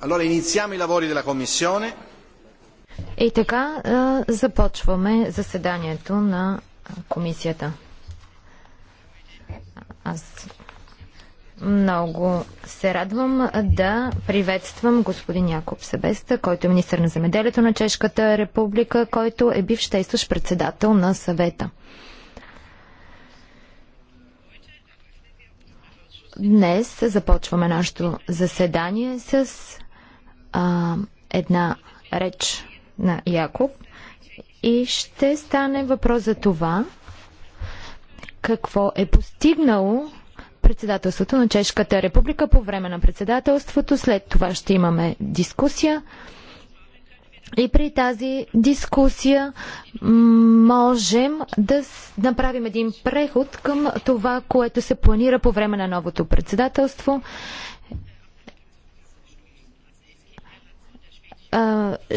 Allora iniziamo i lavori della Commissione. И така започваме заседанието на комисията. Аз много се радвам да приветствам господин Якоб Себеста, който е министър на земеделието на Чешката република, който е бивш действащ председател на съвета. Днес започваме нашето заседание с а, една реч на Якоб и ще стане въпрос за това какво е постигнало председателството на Чешката република по време на председателството. След това ще имаме дискусия. И при тази дискусия можем да направим един преход към това, което се планира по време на новото председателство.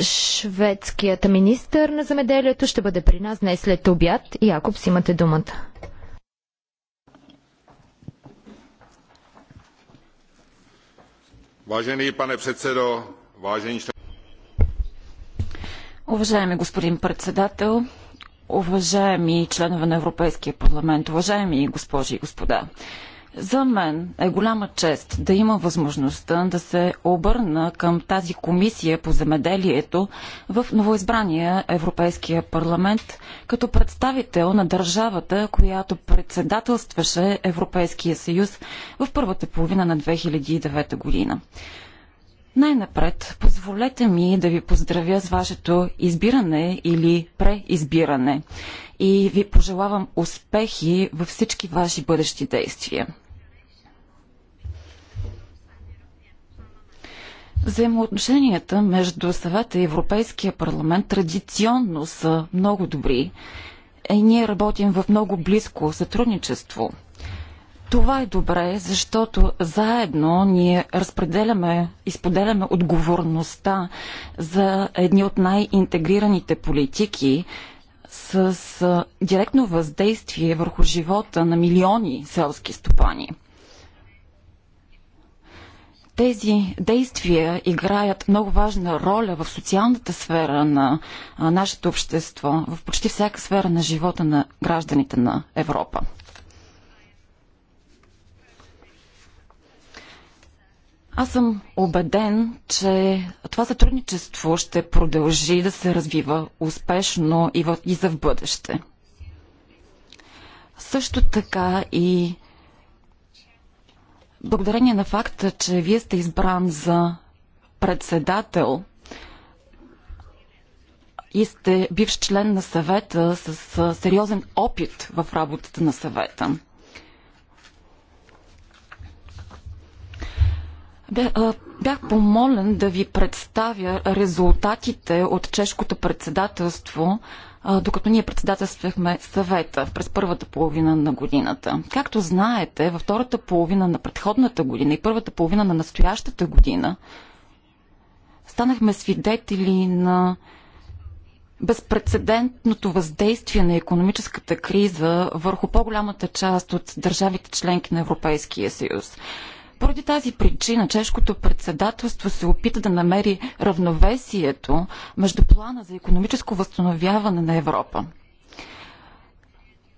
Шведският министр на замеделието ще бъде при нас днес след обяд. Якоб, си имате думата. Vážený пане předsedo, vážení Уважаеми господин председател, уважаеми членове на Европейския парламент, уважаеми госпожи и господа. За мен е голяма чест да има възможността да се обърна към тази комисия по земеделието в новоизбрания Европейския парламент като представител на държавата, която председателстваше Европейския съюз в първата половина на 2009 година. Най-напред, позволете ми да ви поздравя с вашето избиране или преизбиране и ви пожелавам успехи във всички ваши бъдещи действия. Взаимоотношенията между съвета и Европейския парламент традиционно са много добри и е, ние работим в много близко сътрудничество. Това е добре, защото заедно ние разпределяме и споделяме отговорността за едни от най-интегрираните политики с директно въздействие върху живота на милиони селски стопани тези действия играят много важна роля в социалната сфера на нашето общество, в почти всяка сфера на живота на гражданите на Европа. Аз съм убеден, че това сътрудничество ще продължи да се развива успешно и, в, и за в бъдеще. Също така и благодарение на факта, че вие сте избран за председател и сте бивш член на съвета с сериозен опит в работата на съвета. Бях помолен да ви представя резултатите от чешкото председателство, докато ние председателствахме съвета през първата половина на годината. Както знаете, във втората половина на предходната година и първата половина на настоящата година станахме свидетели на безпредседентното въздействие на економическата криза върху по-голямата част от държавите членки на Европейския съюз. Поради тази причина чешкото председателство се опита да намери равновесието между плана за економическо възстановяване на Европа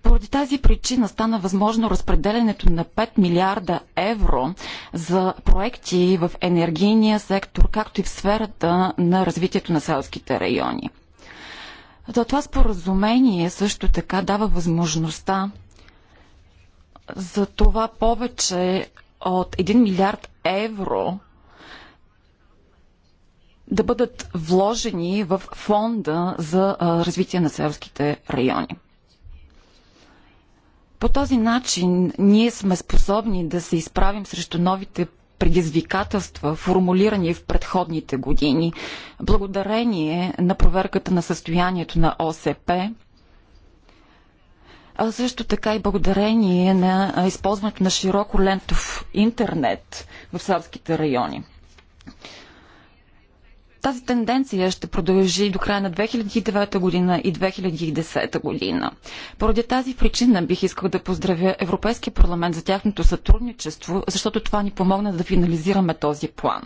поради тази причина стана възможно разпределенето на 5 милиарда евро за проекти в енергийния сектор, както и в сферата на развитието на селските райони. За Това споразумение също така дава възможността за това повече от 1 милиард евро да бъдат вложени в фонда за развитие на селските райони. По този начин ние сме способни да се изправим срещу новите предизвикателства, формулирани в предходните години, благодарение на проверката на състоянието на ОСП а също така и благодарение на използването на широко лентов интернет в сръбските райони. Тази тенденция ще продължи до края на 2009 година и 2010 година. Поради тази причина бих искал да поздравя Европейския парламент за тяхното сътрудничество, защото това ни помогна да финализираме този план.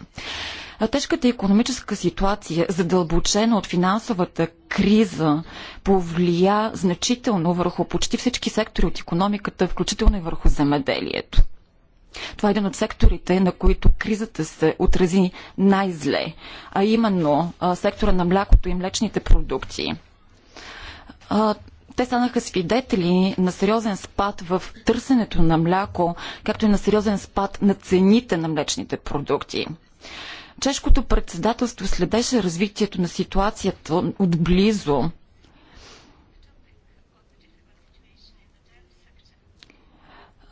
Тежката економическа ситуация, задълбочена от финансовата криза, повлия значително върху почти всички сектори от економиката, включително и върху земеделието. Това е един от секторите, на които кризата се отрази най-зле, а именно сектора на млякото и млечните продукти. Те станаха свидетели на сериозен спад в търсенето на мляко, както и на сериозен спад на цените на млечните продукти. Чешкото председателство следеше развитието на ситуацията отблизо.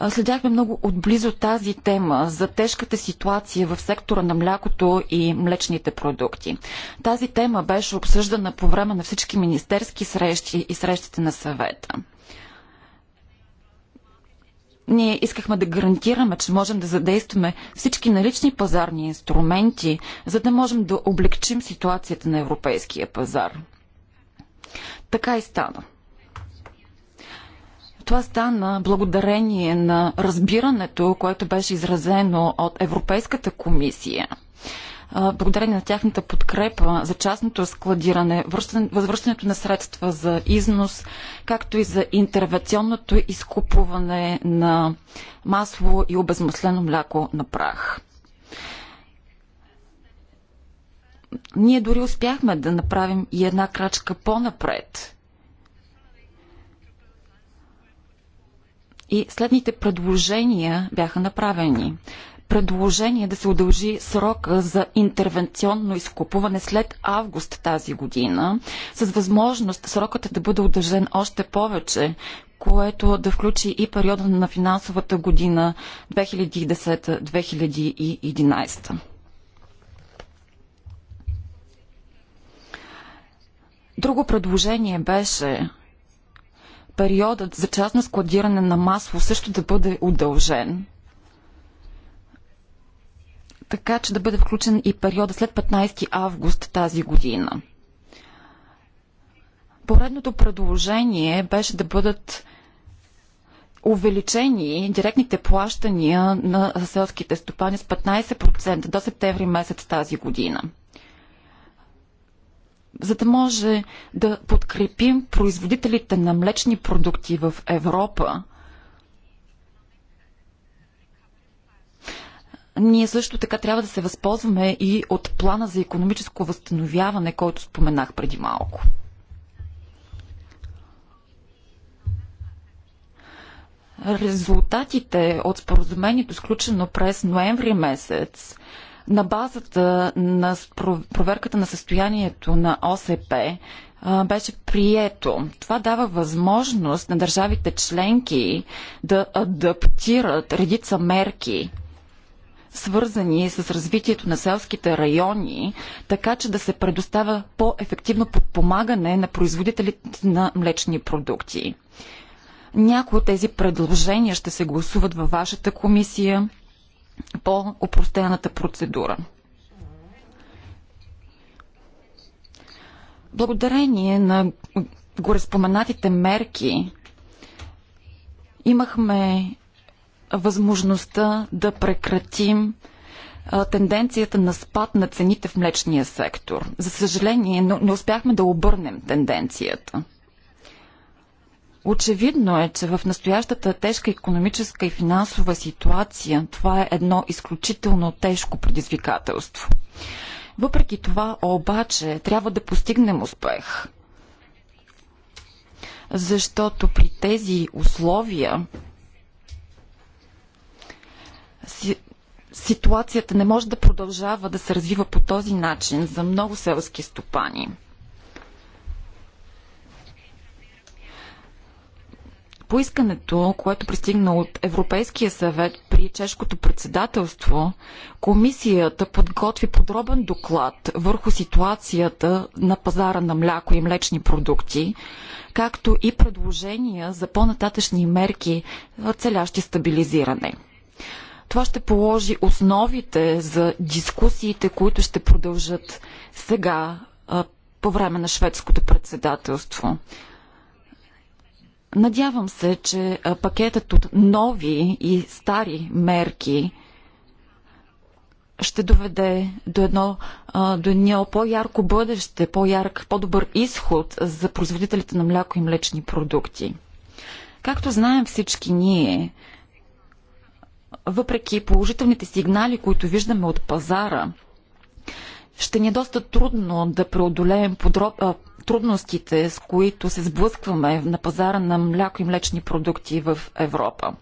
Следяхме много отблизо тази тема за тежката ситуация в сектора на млякото и млечните продукти. Тази тема беше обсъждана по време на всички министерски срещи и срещите на съвета ние искахме да гарантираме, че можем да задействаме всички налични пазарни инструменти, за да можем да облегчим ситуацията на европейския пазар. Така и стана. Това стана благодарение на разбирането, което беше изразено от Европейската комисия – благодарение на тяхната подкрепа за частното складиране, възвръщането на средства за износ, както и за интервенционното изкупуване на масло и обезмаслено мляко на прах. Ние дори успяхме да направим и една крачка по-напред. И следните предложения бяха направени предложение да се удължи срока за интервенционно изкупуване след август тази година, с възможност срокът е да бъде удължен още повече, което да включи и периода на финансовата година 2010-2011. Друго предложение беше периодът за частно складиране на масло също да бъде удължен така че да бъде включен и периода след 15 август тази година. Поредното предложение беше да бъдат увеличени директните плащания на селските стопани с 15% до септември месец тази година. За да може да подкрепим производителите на млечни продукти в Европа, Ние също така трябва да се възползваме и от плана за економическо възстановяване, който споменах преди малко. Резултатите от споразумението, сключено през ноември месец, на базата на проверката на състоянието на ОСП, беше прието. Това дава възможност на държавите членки да адаптират редица мерки свързани с развитието на селските райони, така че да се предоставя по-ефективно подпомагане на производителите на млечни продукти. Някои от тези предложения ще се гласуват във вашата комисия по опростената процедура. Благодарение на гореспоменатите мерки имахме възможността да прекратим тенденцията на спад на цените в млечния сектор. За съжаление, но не успяхме да обърнем тенденцията. Очевидно е, че в настоящата тежка економическа и финансова ситуация това е едно изключително тежко предизвикателство. Въпреки това, обаче, трябва да постигнем успех. Защото при тези условия ситуацията не може да продължава да се развива по този начин за много селски стопани. поискането, което пристигна от Европейския съвет при чешкото председателство, комисията подготви подробен доклад върху ситуацията на пазара на мляко и млечни продукти, както и предложения за по-нататъчни мерки, целящи стабилизиране. Това ще положи основите за дискусиите, които ще продължат сега по време на шведското председателство. Надявам се, че пакетът от нови и стари мерки ще доведе до едно, до едно по-ярко бъдеще, по ярк по-добър изход за производителите на мляко и млечни продукти. Както знаем всички ние, въпреки положителните сигнали, които виждаме от пазара, ще ни е доста трудно да преодолеем подроб... трудностите, с които се сблъскваме на пазара на мляко и млечни продукти в Европа.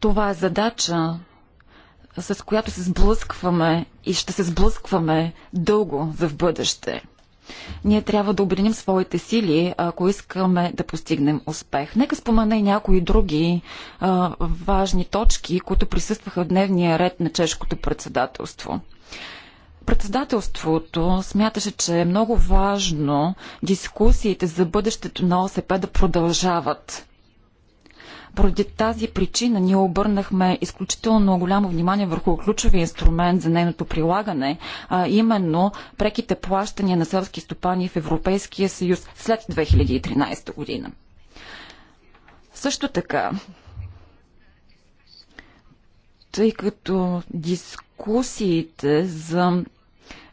Това е задача, с която се сблъскваме и ще се сблъскваме дълго за в бъдеще – ние трябва да обединим своите сили, ако искаме да постигнем успех. Нека спомена и някои други а, важни точки, които присъстваха в дневния ред на чешкото председателство. Председателството смяташе, че е много важно дискусиите за бъдещето на ОСП да продължават. Поради тази причина ние обърнахме изключително голямо внимание върху ключови инструмент за нейното прилагане, а именно преките плащания на селски стопани в Европейския съюз след 2013 година. Също така, тъй като дискусиите за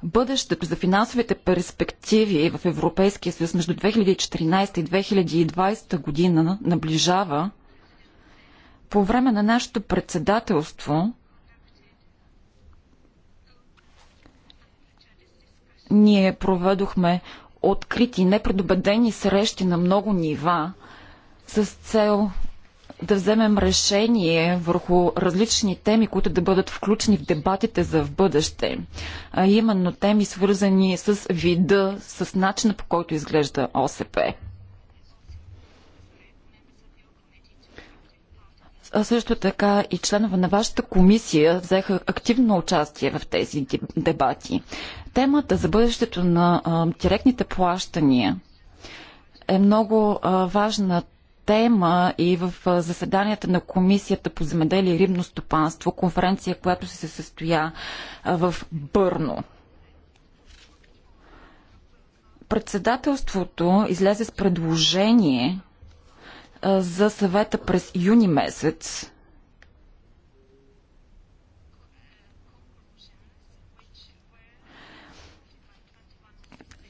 бъдещето, за финансовите перспективи в Европейския съюз между 2014 и 2020 година наближава, по време на нашето председателство ние проведохме открити, непредобедени срещи на много нива с цел да вземем решение върху различни теми, които да бъдат включени в дебатите за в бъдеще. А именно теми свързани с вида, с начина по който изглежда ОСП. а също така и членове на вашата комисия взеха активно участие в тези дебати. Темата за бъдещето на а, директните плащания е много а, важна тема и в заседанията на Комисията по земеделие и рибно стопанство, конференция, която се състоя в Бърно. Председателството излезе с предложение за съвета през юни месец.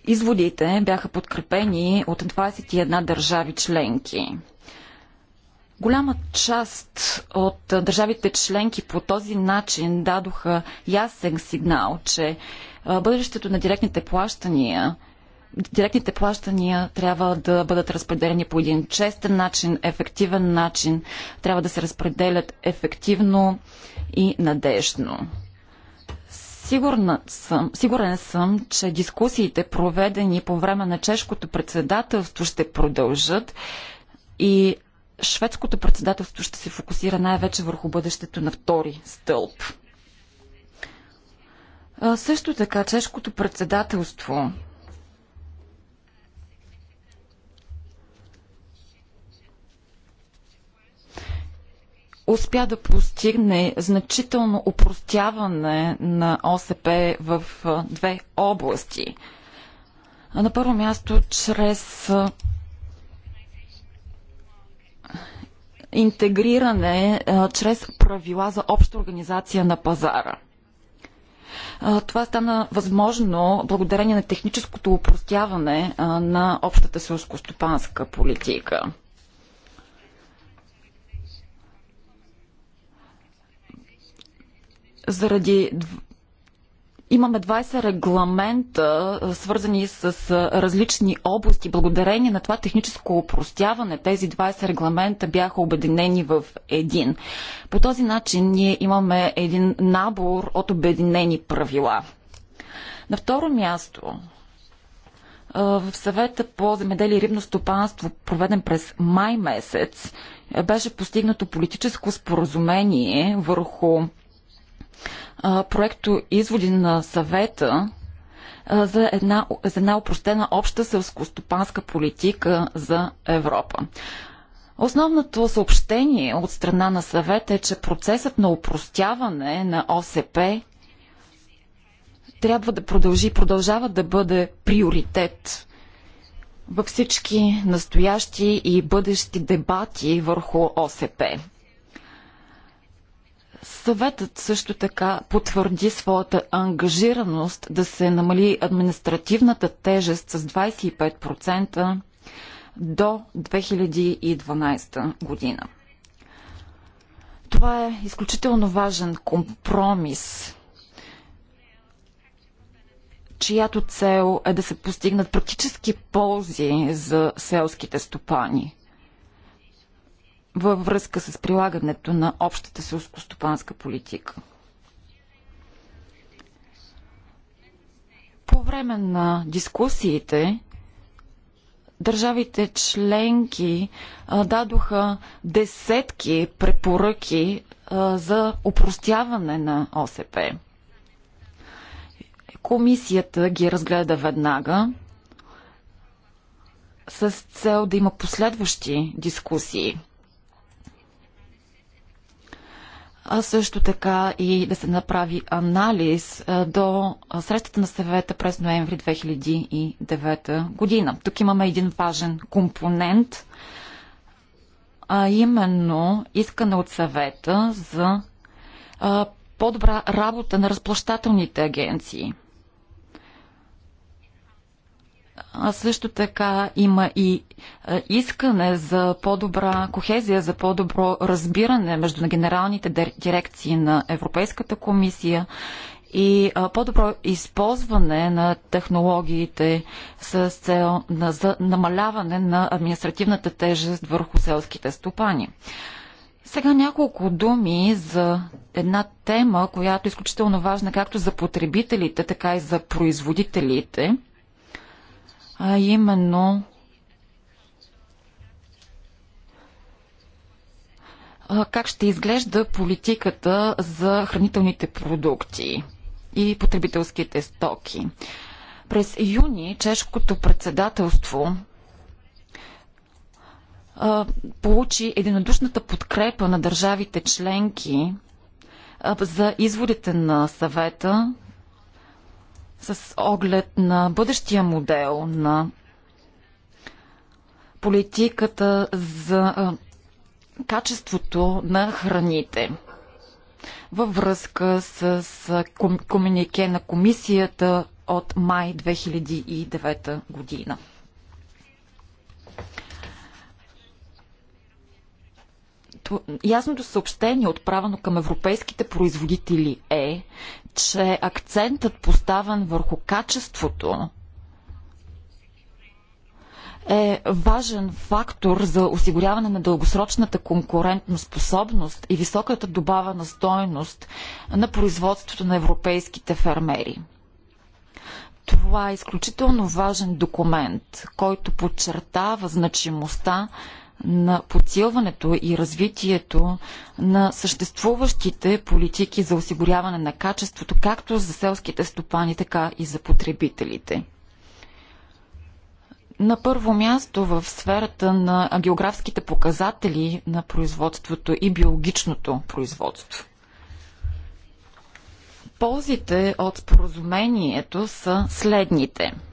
Изводите бяха подкрепени от 21 държави членки. Голяма част от държавите членки по този начин дадоха ясен сигнал, че бъдещето на директните плащания – директните плащания трябва да бъдат разпределени по един честен начин, ефективен начин, трябва да се разпределят ефективно и надежно. Сигурна съм, сигурен съм, че дискусиите, проведени по време на чешкото председателство, ще продължат и шведското председателство ще се фокусира най-вече върху бъдещето на втори стълб. А също така, чешкото председателство успя да постигне значително упростяване на ОСП в две области. На първо място, чрез интегриране чрез правила за обща организация на пазара. Това стана възможно благодарение на техническото упростяване на общата селско-стопанска политика. заради Имаме 20 регламента, свързани с различни области. Благодарение на това техническо упростяване, тези 20 регламента бяха обединени в един. По този начин ние имаме един набор от обединени правила. На второ място, в съвета по земеделие и рибно стопанство, проведен през май месец, беше постигнато политическо споразумение върху проекто изводи на съвета за една, за една упростена обща селскостопанска политика за Европа. Основното съобщение от страна на съвета е, че процесът на упростяване на ОСП трябва да продължи, продължава да бъде приоритет във всички настоящи и бъдещи дебати върху ОСП. Съветът също така потвърди своята ангажираност да се намали административната тежест с 25% до 2012 година. Това е изключително важен компромис, чиято цел е да се постигнат практически ползи за селските стопани – във връзка с прилагането на общата селскостопанска политика. По време на дискусиите държавите членки дадоха десетки препоръки за упростяване на ОСП. Комисията ги разгледа веднага с цел да има последващи дискусии. а също така и да се направи анализ до срещата на съвета през ноември 2009 година. Тук имаме един важен компонент, а именно искане от съвета за по-добра работа на разплащателните агенции. А също така има и искане за по-добра кохезия, за по-добро разбиране между генералните дирекции на Европейската комисия и по-добро използване на технологиите с цел на, за намаляване на административната тежест върху селските стопани. Сега няколко думи за една тема, която е изключително важна както за потребителите, така и за производителите – а именно как ще изглежда политиката за хранителните продукти и потребителските стоки. През юни чешкото председателство получи единодушната подкрепа на държавите членки за изводите на съвета с оглед на бъдещия модел на политиката за качеството на храните във връзка с комюнике на комисията от май 2009 година. ясното съобщение, отправено към европейските производители е, че акцентът поставен върху качеството е важен фактор за осигуряване на дългосрочната конкурентноспособност и високата добавена стойност на производството на европейските фермери. Това е изключително важен документ, който подчертава значимостта на подсилването и развитието на съществуващите политики за осигуряване на качеството, както за селските стопани, така и за потребителите. На първо място в сферата на географските показатели на производството и биологичното производство. Ползите от споразумението са следните –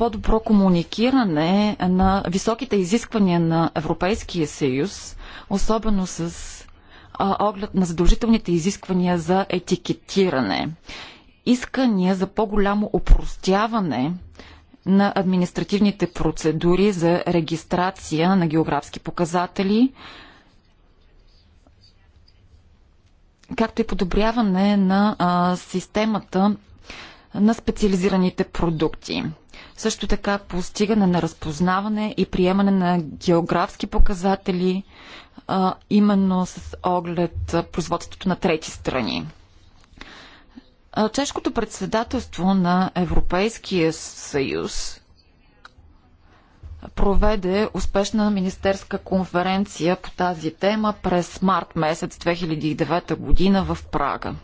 по-добро комуникиране на високите изисквания на Европейския съюз, особено с оглед на задължителните изисквания за етикетиране. Искания за по-голямо упростяване на административните процедури за регистрация на географски показатели, както и подобряване на а, системата на специализираните продукти. Също така постигане на разпознаване и приемане на географски показатели, а, именно с оглед производството на трети страни. Чешкото председателство на Европейския съюз проведе успешна министерска конференция по тази тема през март месец 2009 година в Прага.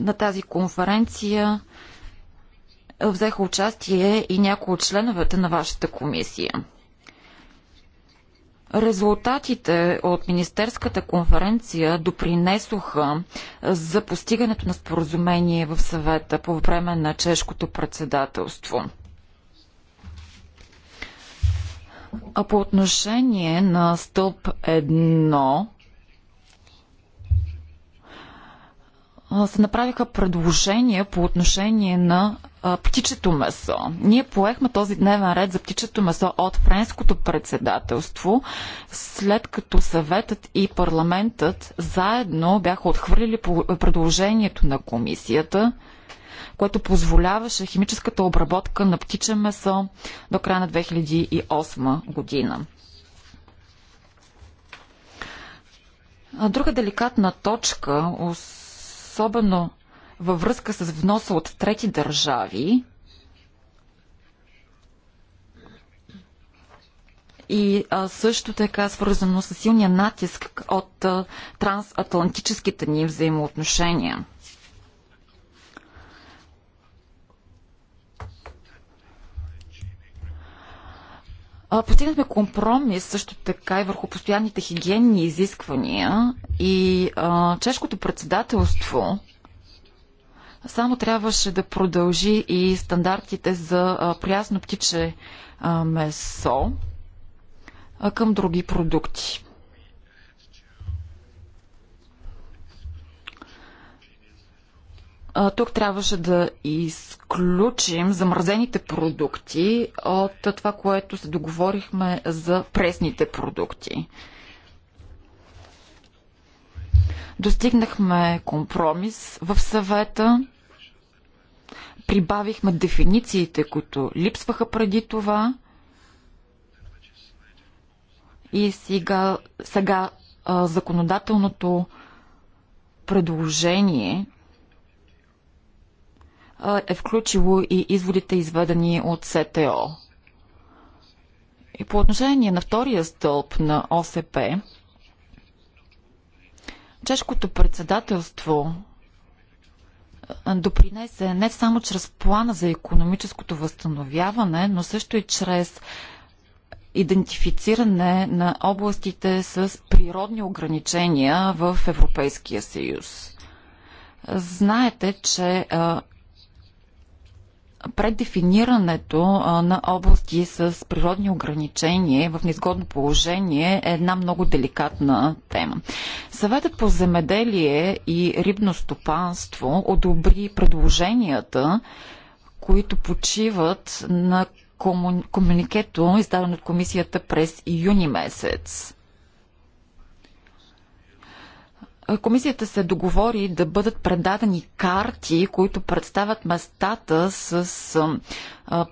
на тази конференция взеха участие и някои от членовете на вашата комисия. Резултатите от Министерската конференция допринесоха за постигането на споразумение в съвета по време на чешкото председателство. А по отношение на стълб се направиха предложения по отношение на птичето месо. Ние поехме този дневен ред за птичето месо от френското председателство, след като съветът и парламентът заедно бяха отхвърлили предложението на комисията, което позволяваше химическата обработка на птиче месо до края на 2008 година. Друга деликатна точка, особено във връзка с вноса от трети държави и а, също така свързано с силния натиск от а, трансатлантическите ни взаимоотношения – Постигнахме компромис също така и върху постоянните хигиенни изисквания и а, чешкото председателство само трябваше да продължи и стандартите за а, прясно птиче а, месо а, към други продукти. А, тук трябваше да изключим замразените продукти от това, което се договорихме за пресните продукти. Достигнахме компромис в съвета. Прибавихме дефинициите, които липсваха преди това. И сега, сега а, законодателното предложение е включило и изводите, изведени от СТО. И по отношение на втория стълб на ОСП, чешкото председателство допринесе не само чрез плана за економическото възстановяване, но също и чрез идентифициране на областите с природни ограничения в Европейския съюз. Знаете, че преддефинирането на области с природни ограничения в неизгодно положение е една много деликатна тема. Съветът по земеделие и рибно стопанство одобри предложенията, които почиват на комуникето, издаден от комисията през юни месец. Комисията се договори да бъдат предадени карти, които представят местата с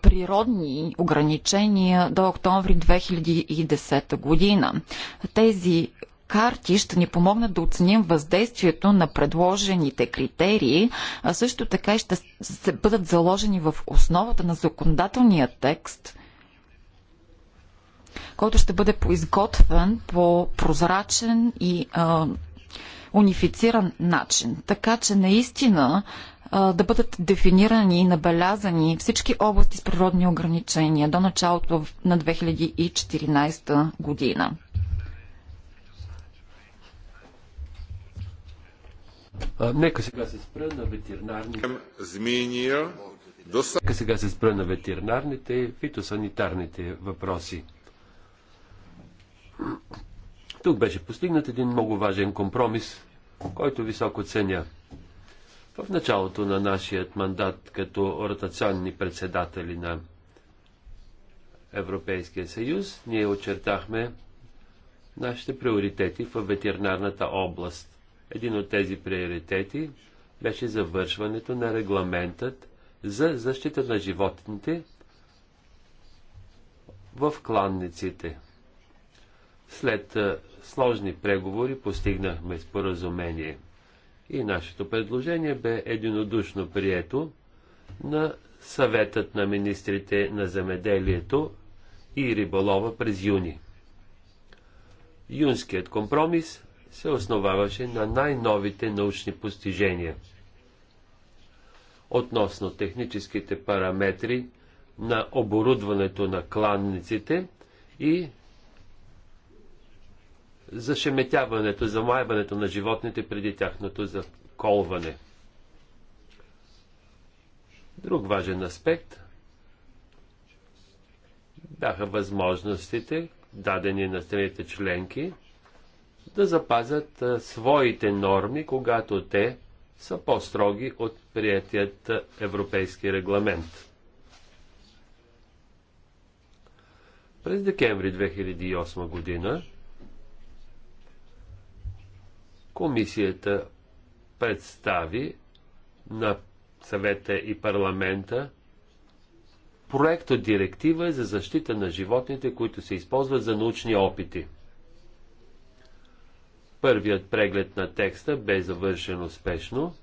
природни ограничения до октомври 2010 година. Тези карти ще ни помогнат да оценим въздействието на предложените критерии, а също така ще се бъдат заложени в основата на законодателния текст, който ще бъде поизготвен по прозрачен и а, унифициран начин, така че наистина да бъдат дефинирани и набелязани всички области с природни ограничения до началото на 2014 година. нека сега се спра на ветеринарните. Нека сега се спра на ветеринарните, фитосанитарните въпроси. Тук беше постигнат един много важен компромис който високо ценя. В началото на нашият мандат като ротационни председатели на Европейския съюз, ние очертахме нашите приоритети в ветеринарната област. Един от тези приоритети беше завършването на регламентът за защита на животните в кланниците. След сложни преговори постигнахме споразумение. И нашето предложение бе единодушно прието на съветът на министрите на земеделието и риболова през юни. Юнският компромис се основаваше на най-новите научни постижения относно техническите параметри на оборудването на кланниците и зашеметяването, замайването на животните преди тяхното заколване. Друг важен аспект бяха възможностите, дадени на страните членки, да запазят своите норми, когато те са по-строги от приятият европейски регламент. През декември 2008 година Комисията представи на съвета и парламента от директива за защита на животните, които се използват за научни опити. Първият преглед на текста бе завършен успешно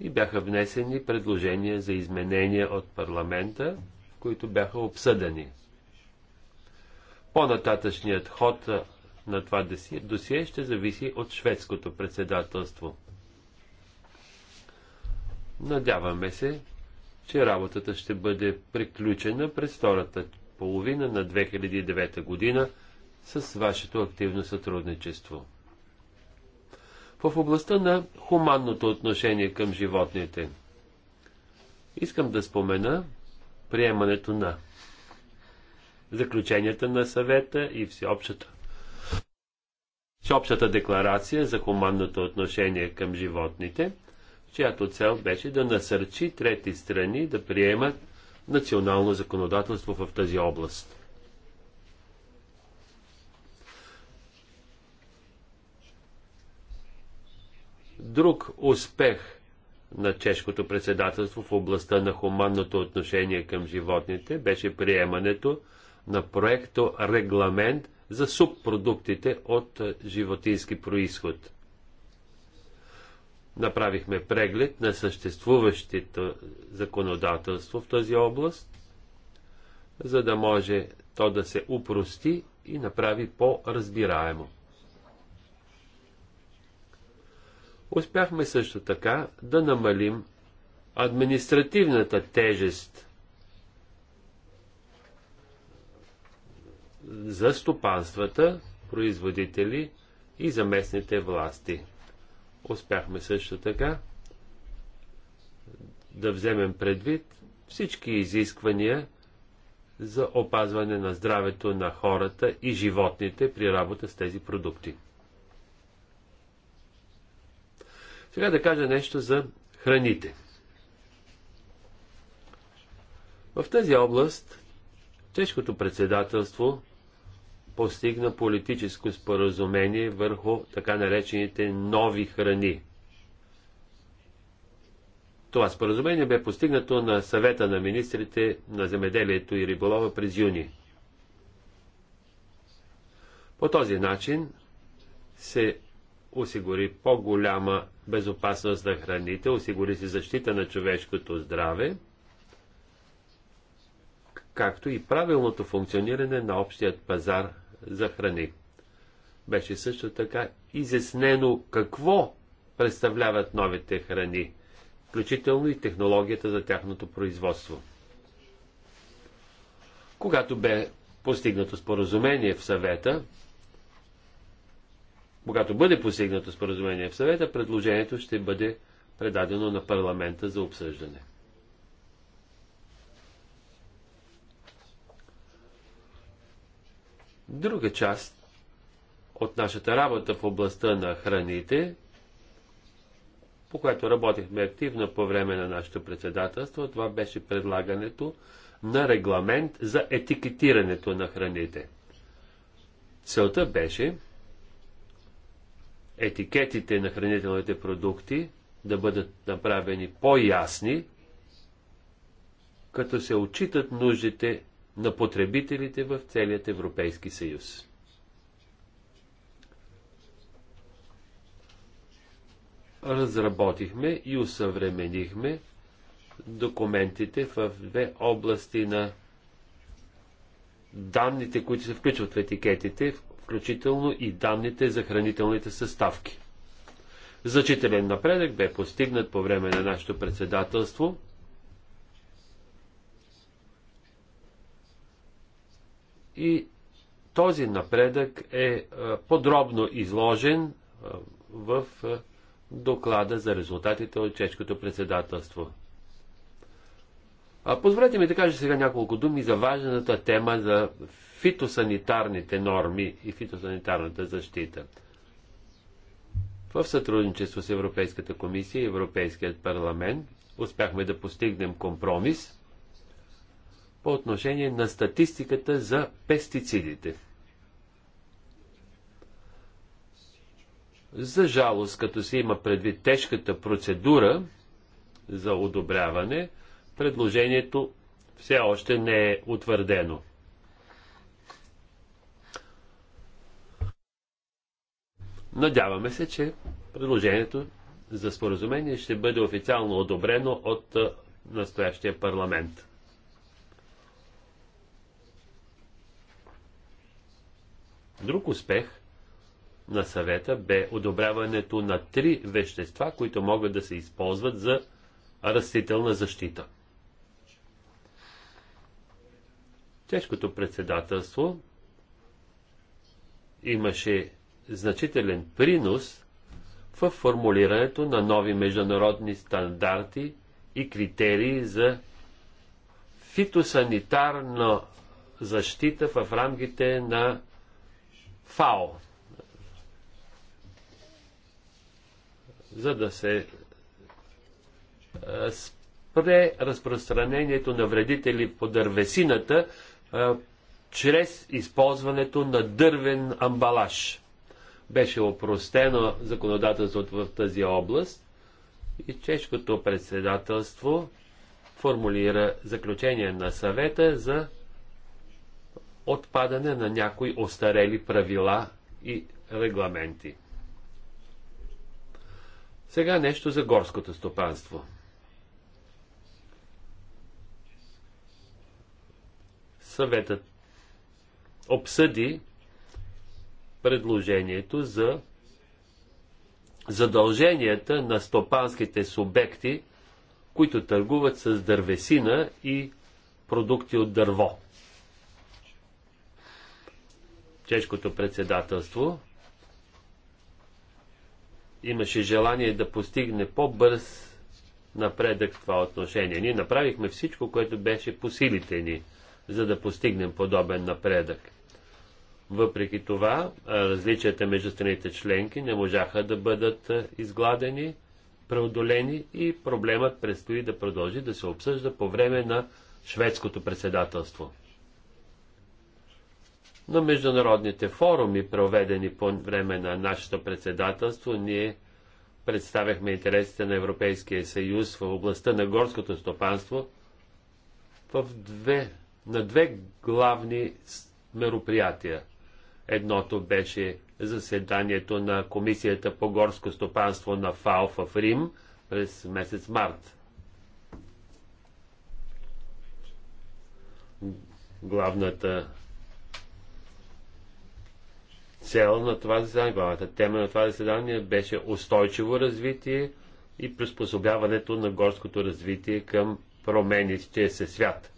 и бяха внесени предложения за изменения от парламента, които бяха обсъдени. По-нататъчният ход на това досие ще зависи от шведското председателство. Надяваме се, че работата ще бъде приключена през втората половина на 2009 година с вашето активно сътрудничество. В областта на хуманното отношение към животните искам да спомена приемането на заключенията на съвета и всеобщата общата декларация за хуманното отношение към животните, чиято цел беше да насърчи трети страни да приемат национално законодателство в тази област. Друг успех на чешкото председателство в областта на хуманното отношение към животните беше приемането на проекто регламент за субпродуктите от е, животински происход. Направихме преглед на съществуващото законодателство в тази област, за да може то да се упрости и направи по-разбираемо. Успяхме също така да намалим административната тежест за стопанствата, производители и за местните власти. Успяхме също така да вземем предвид всички изисквания за опазване на здравето на хората и животните при работа с тези продукти. Сега да кажа нещо за храните. В тази област чешкото председателство постигна политическо споразумение върху така наречените нови храни. Това споразумение бе постигнато на съвета на министрите на земеделието и риболова през юни. По този начин се осигури по-голяма безопасност на храните, осигури се защита на човешкото здраве, както и правилното функциониране на общият пазар за храни. Беше също така изяснено какво представляват новите храни, включително и технологията за тяхното производство. Когато бе постигнато споразумение в съвета, когато бъде постигнато споразумение в съвета, предложението ще бъде предадено на парламента за обсъждане. Друга част от нашата работа в областта на храните, по която работихме активно по време на нашето председателство, това беше предлагането на регламент за етикетирането на храните. Целта беше етикетите на хранителните продукти да бъдат направени по-ясни, като се отчитат нуждите на потребителите в целият Европейски съюз. Разработихме и усъвременихме документите в две области на данните, които се включват в етикетите, включително и данните за хранителните съставки. Значителен напредък бе постигнат по време на нашето председателство – И този напредък е, е подробно изложен е, в е, доклада за резултатите от чешкото председателство. А позволете ми да кажа сега няколко думи за важната тема за фитосанитарните норми и фитосанитарната защита. В сътрудничество с Европейската комисия и Европейският парламент успяхме да постигнем компромис, по отношение на статистиката за пестицидите. За жалост, като се има предвид тежката процедура за одобряване, предложението все още не е утвърдено. Надяваме се, че предложението за споразумение ще бъде официално одобрено от настоящия парламент. Друг успех на съвета бе одобряването на три вещества, които могат да се използват за растителна защита. Чешкото председателство имаше значителен принос в формулирането на нови международни стандарти и критерии за фитосанитарна защита в рамките на ФАО, за да се е, спре разпространението на вредители по дървесината е, чрез използването на дървен амбалаж. Беше опростено законодателството в тази област и чешкото председателство формулира заключение на съвета за отпадане на някои остарели правила и регламенти. Сега нещо за горското стопанство. Съветът обсъди предложението за задълженията на стопанските субекти, които търгуват с дървесина и продукти от дърво чешкото председателство имаше желание да постигне по-бърз напредък в това отношение. Ние направихме всичко, което беше по силите ни, за да постигнем подобен напредък. Въпреки това, различията между страните членки не можаха да бъдат изгладени, преодолени и проблемът предстои да продължи да се обсъжда по време на шведското председателство. На международните форуми, проведени по време на нашето председателство, ние представяхме интересите на Европейския съюз в областта на горското стопанство в две, на две главни мероприятия. Едното беше заседанието на Комисията по горско стопанство на ФАО в Рим през месец март. Главната цел на това заседание, главната тема на това заседание беше устойчиво развитие и приспособяването на горското развитие към променящия се свят.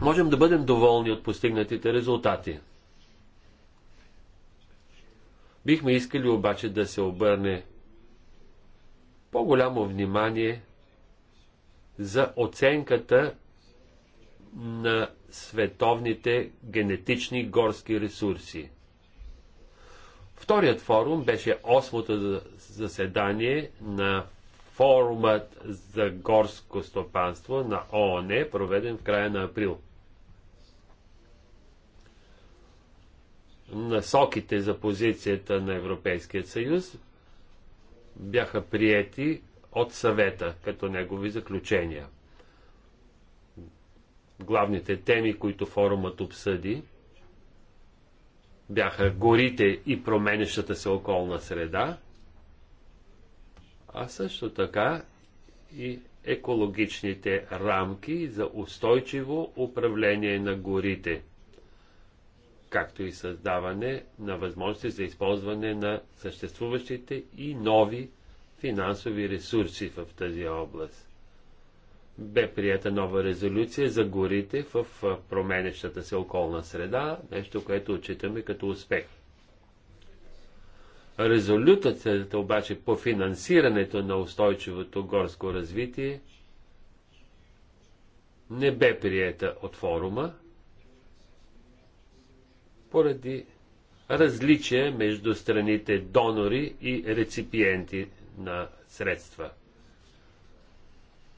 Можем да бъдем доволни от постигнатите резултати. Бихме искали обаче да се обърне по-голямо внимание за оценката на световните генетични горски ресурси. Вторият форум беше осмото заседание на форумът за горско стопанство на ООН, проведен в края на април. Насоките за позицията на Европейския съюз бяха приети от съвета като негови заключения – главните теми, които форумът обсъди, бяха горите и променещата се околна среда, а също така и екологичните рамки за устойчиво управление на горите, както и създаване на възможности за използване на съществуващите и нови финансови ресурси в тази област бе прията нова резолюция за горите в променещата се околна среда, нещо, което отчитаме като успех. Резолюцията обаче по финансирането на устойчивото горско развитие не бе приета от форума поради различия между страните донори и реципиенти на средства –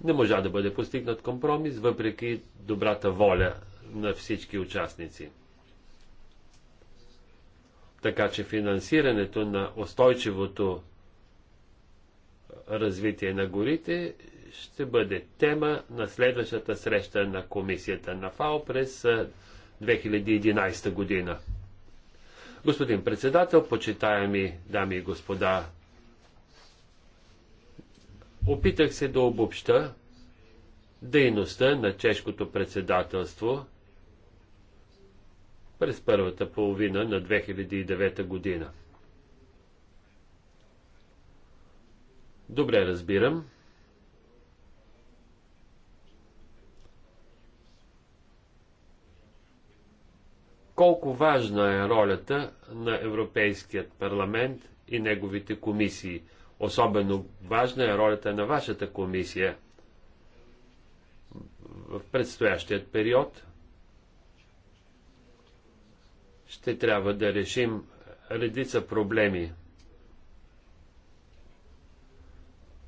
не можа да бъде постигнат компромис, въпреки добрата воля на всички участници. Така че финансирането на устойчивото развитие на горите ще бъде тема на следващата среща на комисията на ФАО през 2011 година. Господин председател, почитаеми дами и господа Опитах се да обобща дейността на чешкото председателство през първата половина на 2009 година. Добре разбирам. Колко важна е ролята на Европейският парламент и неговите комисии – Особено важна е ролята на вашата комисия в предстоящият период. Ще трябва да решим редица проблеми.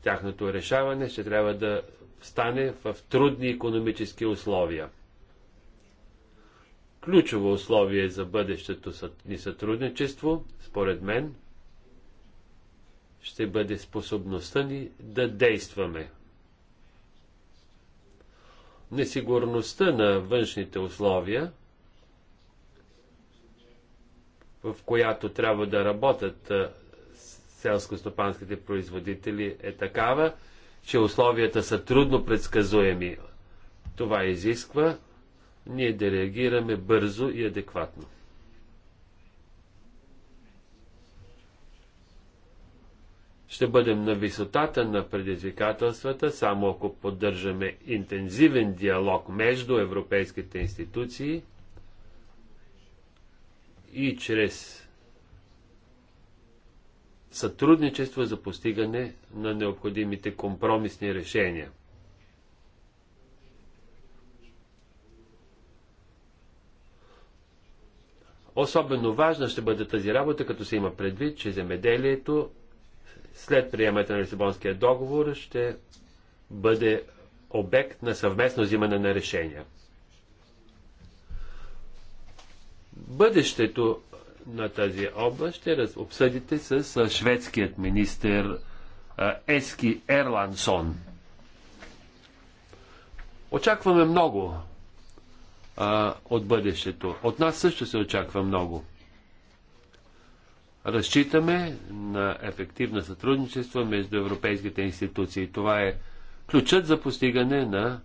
Тяхното решаване ще трябва да стане в трудни економически условия. Ключово условие за бъдещето ни сътрудничество, според мен, ще бъде способността ни да действаме. Несигурността на външните условия, в която трябва да работят селско-стопанските производители, е такава, че условията са трудно предсказуеми. Това изисква ние да реагираме бързо и адекватно. Ще бъдем на висотата на предизвикателствата, само ако поддържаме интензивен диалог между европейските институции и чрез сътрудничество за постигане на необходимите компромисни решения. Особено важна ще бъде тази работа, като се има предвид, че земеделието след приемането на Лисабонския договор ще бъде обект на съвместно взимане на решения. Бъдещето на тази област ще обсъдите с шведският министр Ески Ерлансон. Очакваме много а, от бъдещето. От нас също се очаква много. Разчитаме на ефективно сътрудничество между европейските институции. Това е ключът за постигане на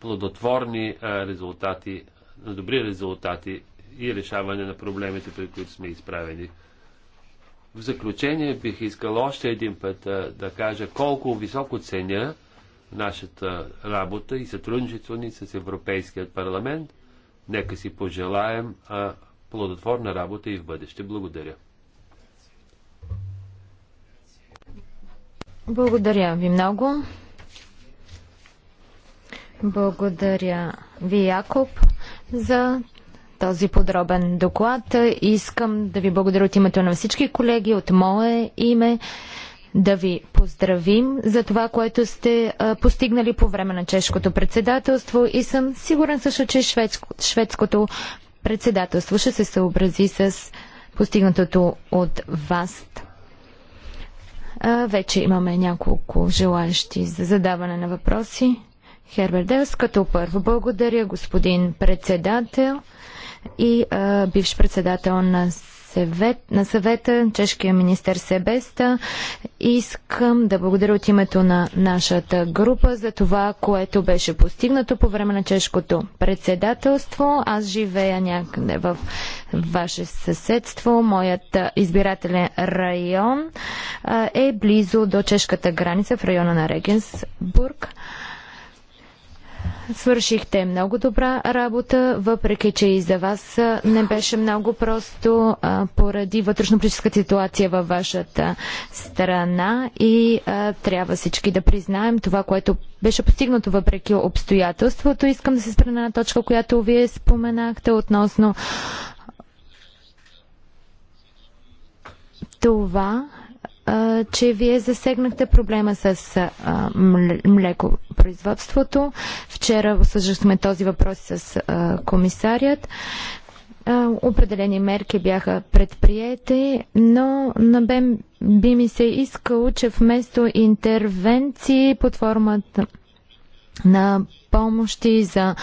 плодотворни резултати, на добри резултати и решаване на проблемите, при които сме изправени. В заключение бих искал още един път да кажа колко високо ценя нашата работа и сътрудничество ни с Европейският парламент. Нека си пожелаем плодотворна работа и в бъдеще. Благодаря. Благодаря ви много. Благодаря ви, Якоб, за този подробен доклад. Искам да ви благодаря от името на всички колеги, от мое име, да ви поздравим за това, което сте постигнали по време на чешкото председателство и съм сигурен също, че шведско, шведското председателство ще се съобрази с постигнатото от вас. Вече имаме няколко желаящи за задаване на въпроси. Хербер Делс, като първо благодаря господин председател и а, бивш председател на съвет, на съвета, чешкия министър Себеста. Искам да благодаря от името на нашата група за това, което беше постигнато по време на чешкото председателство. Аз живея някъде в ваше съседство. Моят избирателен район е близо до чешката граница в района на Регенсбург. Свършихте много добра работа, въпреки че и за вас не беше много просто а, поради вътрешно-политическата ситуация във вашата страна и а, трябва всички да признаем това, което беше постигнато въпреки обстоятелството. Искам да се страна на точка, която вие споменахте относно това, че вие засегнахте проблема с млекопроизводството. Вчера осъждахме този въпрос с комисарият. определени мерки бяха предприети, но на БЕМ би ми се искало, че вместо интервенции под формата на помощи за,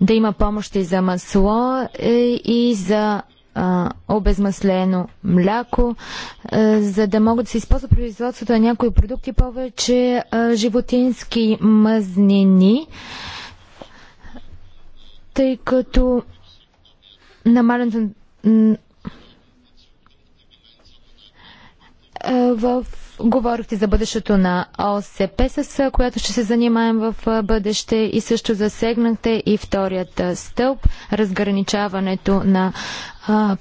да има помощи за масло е, и за а, обезмаслено мляко, а, за да могат да се използват производството на някои продукти повече а, животински мъзнини, тъй като намалянето в Говорихте за бъдещето на ОСП, с която ще се занимаем в бъдеще и също засегнахте и вторият стълб, разграничаването на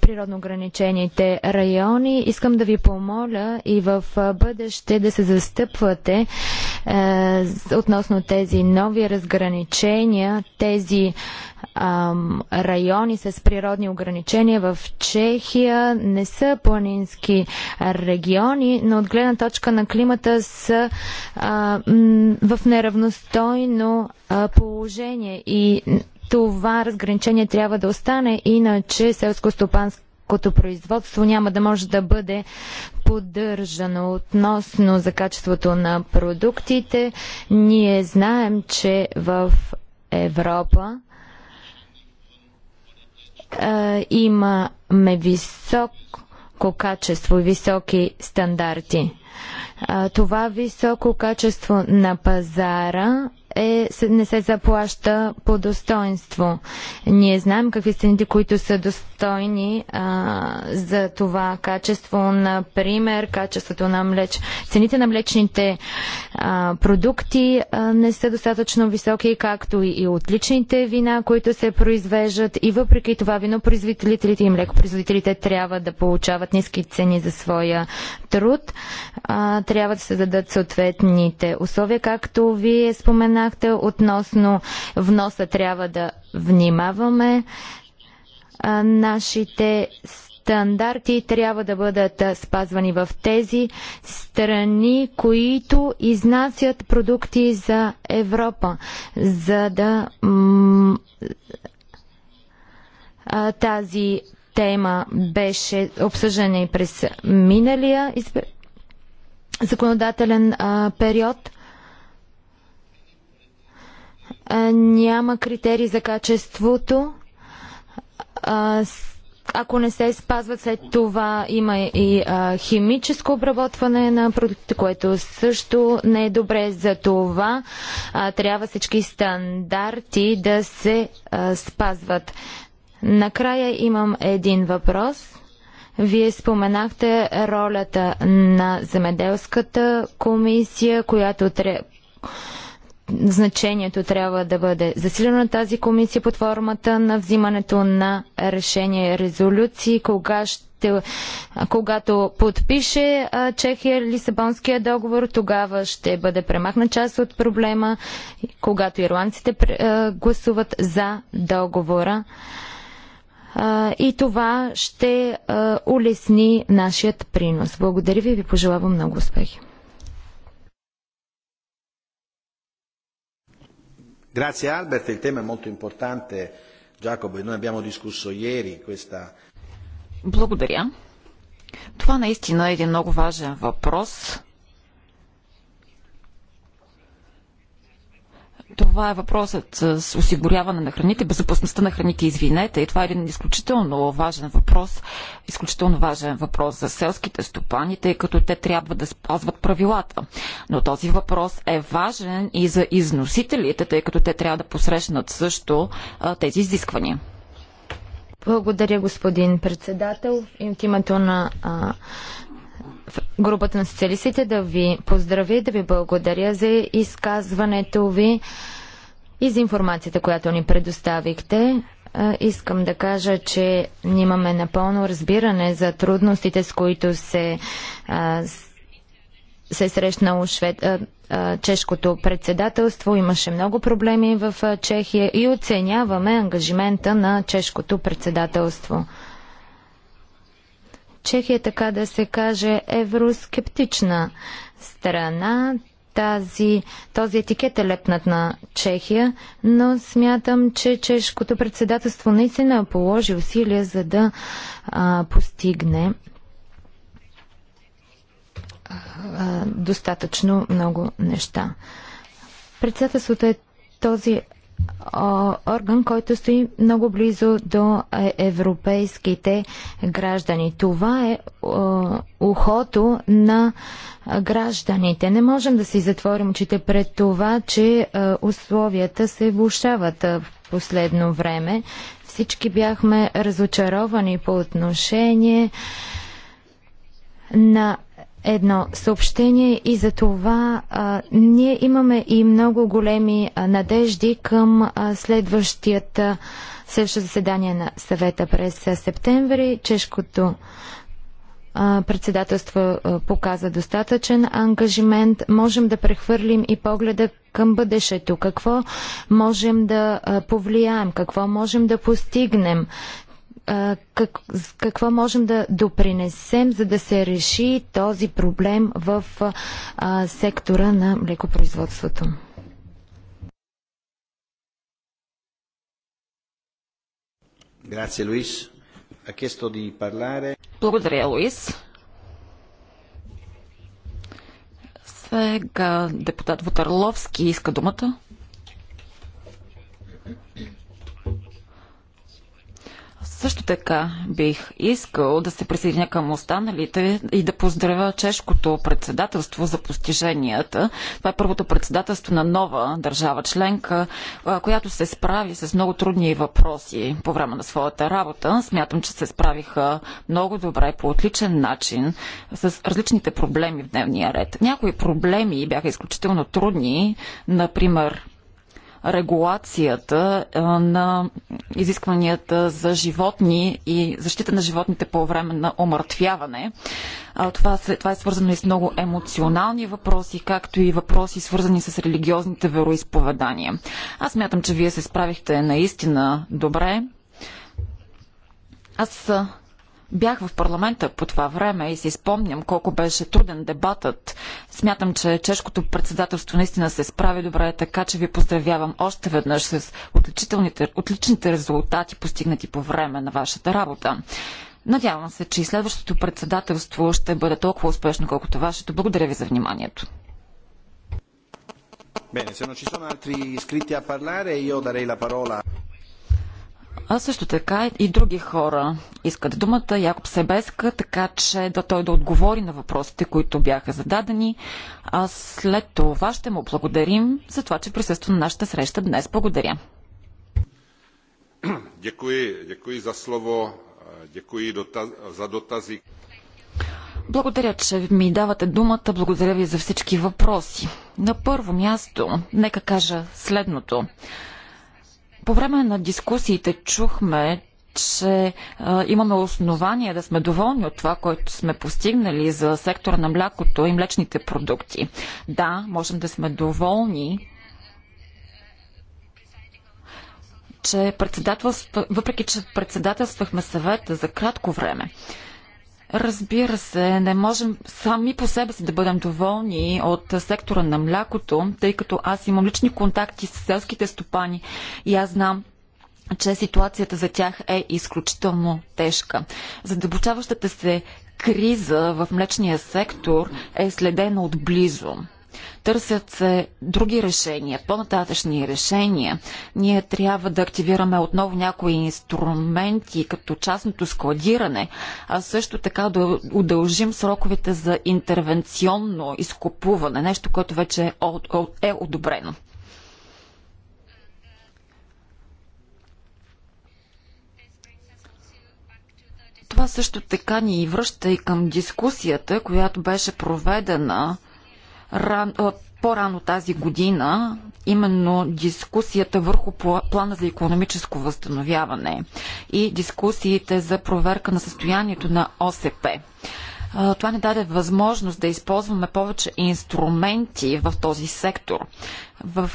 природно ограничените райони. Искам да ви помоля и в бъдеще да се застъпвате е, относно тези нови разграничения, тези райони с природни ограничения в Чехия не са планински региони, но от гледна точка на климата са в неравностойно положение и това разграничение трябва да остане, иначе селско-стопански млякото производство няма да може да бъде поддържано относно за качеството на продуктите. Ние знаем, че в Европа е, имаме високо качество и високи стандарти. Е, това високо качество на пазара е, не се заплаща по достоинство. Ние знаем какви цените, които са достойни а, за това качество. Например, качеството на млеч. Цените на млечните а, продукти а, не са достатъчно високи, както и, и отличните вина, които се произвеждат. И въпреки това винопроизводителите и млекопроизводителите трябва да получават ниски цени за своя труд. А, трябва да се дадат съответните условия, както вие споменахте споменахте. Относно вноса трябва да внимаваме. А, нашите стандарти трябва да бъдат спазвани в тези страни, които изнасят продукти за Европа, за да тази тема беше обсъждана и през миналия законодателен а, период няма критерии за качеството. Ако не се спазват след това, има и а, химическо обработване на продукти, което също не е добре. За това а, трябва всички стандарти да се а, спазват. Накрая имам един въпрос. Вие споменахте ролята на земеделската комисия, която трябва значението трябва да бъде засилено на тази комисия под формата на взимането на решение резолюции, кога ще, когато подпише Чехия Лисабонския договор, тогава ще бъде премахна част от проблема, когато ирландците гласуват за договора. И това ще улесни нашият принос. Благодаря ви и ви пожелавам много успехи. Grazie Albert, il tema è molto importante. Giacomo, noi abbiamo discusso ieri questa... Благодаря. Това наистина е един много важен въпрос. Това е въпросът с осигуряване на храните, безопасността на храните, извинете. И това е един изключително важен въпрос, изключително важен въпрос за селските стопани, тъй като те трябва да спазват правилата. Но този въпрос е важен и за износителите, тъй като те трябва да посрещнат също а, тези изисквания. Благодаря, господин председател. От името на а, групата на социалистите да ви поздрави, да ви благодаря за изказването ви и за информацията, която ни предоставихте. Искам да кажа, че имаме напълно разбиране за трудностите, с които се, се срещнало швед, чешкото председателство. Имаше много проблеми в Чехия и оценяваме ангажимента на чешкото председателство. Чехия, така да се каже, евроскептична страна. Тази, този етикет е лепнат на Чехия, но смятам, че чешкото председателство наистина положи усилия за да а, постигне а, достатъчно много неща. Председателството е този орган, който стои много близо до е, европейските граждани. Това е ухото на гражданите. Не можем да си затворим очите пред това, че условията се влушават в последно време. Всички бяхме разочаровани по отношение на едно съобщение и за това а, ние имаме и много големи а, надежди към а, следващият а, следващо заседание на съвета през а, септември. Чешкото а, председателство а, показа достатъчен ангажимент. Можем да прехвърлим и погледа към бъдещето. Какво можем да повлияем? Какво можем да постигнем? как, какво можем да допринесем, за да се реши този проблем в а, сектора на млекопроизводството? Grazie Luis. Ha chiesto di parlare. Благодаря, Луис. Сега депутат Ватерловски иска думата. Също така бих искал да се присъединя към останалите и да поздравя чешкото председателство за постиженията. Това е първото председателство на нова държава членка, която се справи с много трудни въпроси по време на своята работа. Смятам, че се справиха много добре, по отличен начин, с различните проблеми в дневния ред. Някои проблеми бяха изключително трудни, например регулацията на изискванията за животни и защита на животните по време на омъртвяване. Това, това е свързано и с много емоционални въпроси, както и въпроси свързани с религиозните вероисповедания. Аз мятам, че вие се справихте наистина добре. Аз Бях в парламента по това време и си спомням колко беше труден дебатът. Смятам, че чешкото председателство наистина се справи добре, така че ви поздравявам още веднъж с отличните резултати, постигнати по време на вашата работа. Надявам се, че и следващото председателство ще бъде толкова успешно, колкото вашето. Благодаря ви за вниманието. Bene, se non ci sono altri iscritti a parlare, io darei la parola. А също така и други хора искат думата. Якоб Себеска, така че да той да отговори на въпросите, които бяха зададени. А след това ще му благодарим за това, че присъства на нашата среща днес. Благодаря. Děkuji, děkuji za slovo, děkuji dotaz, za dotazy. Благодаря, че ми давате думата. Благодаря ви за всички въпроси. На първо място, нека кажа следното. По време на дискусиите чухме, че а, имаме основания да сме доволни от това, което сме постигнали за сектора на млякото и млечните продукти. Да, можем да сме доволни, че председателств... въпреки че председателствахме съвета за кратко време. А, Разбира се, не можем сами по себе си да бъдем доволни от сектора на млякото, тъй като аз имам лични контакти с селските стопани и аз знам че ситуацията за тях е изключително тежка. Задълбочаващата се криза в млечния сектор е следена отблизо. Търсят се други решения, по-нататъчни решения. Ние трябва да активираме отново някои инструменти, като частното складиране, а също така да удължим сроковете за интервенционно изкупуване, нещо, което вече е, е одобрено. това също така ни връща и към дискусията, която беше проведена по-рано тази година именно дискусията върху плана за економическо възстановяване и дискусиите за проверка на състоянието на ОСП. Това ни даде възможност да използваме повече инструменти в този сектор. В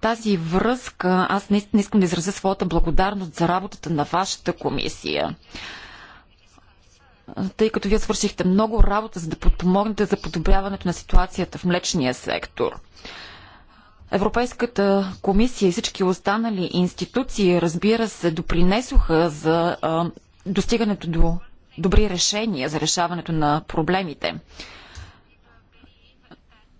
тази връзка аз наистина искам да изразя своята благодарност за работата на вашата комисия тъй като вие свършихте много работа, за да подпомогнете за подобряването на ситуацията в млечния сектор. Европейската комисия и всички останали институции, разбира се, допринесоха за а, достигането до добри решения за решаването на проблемите.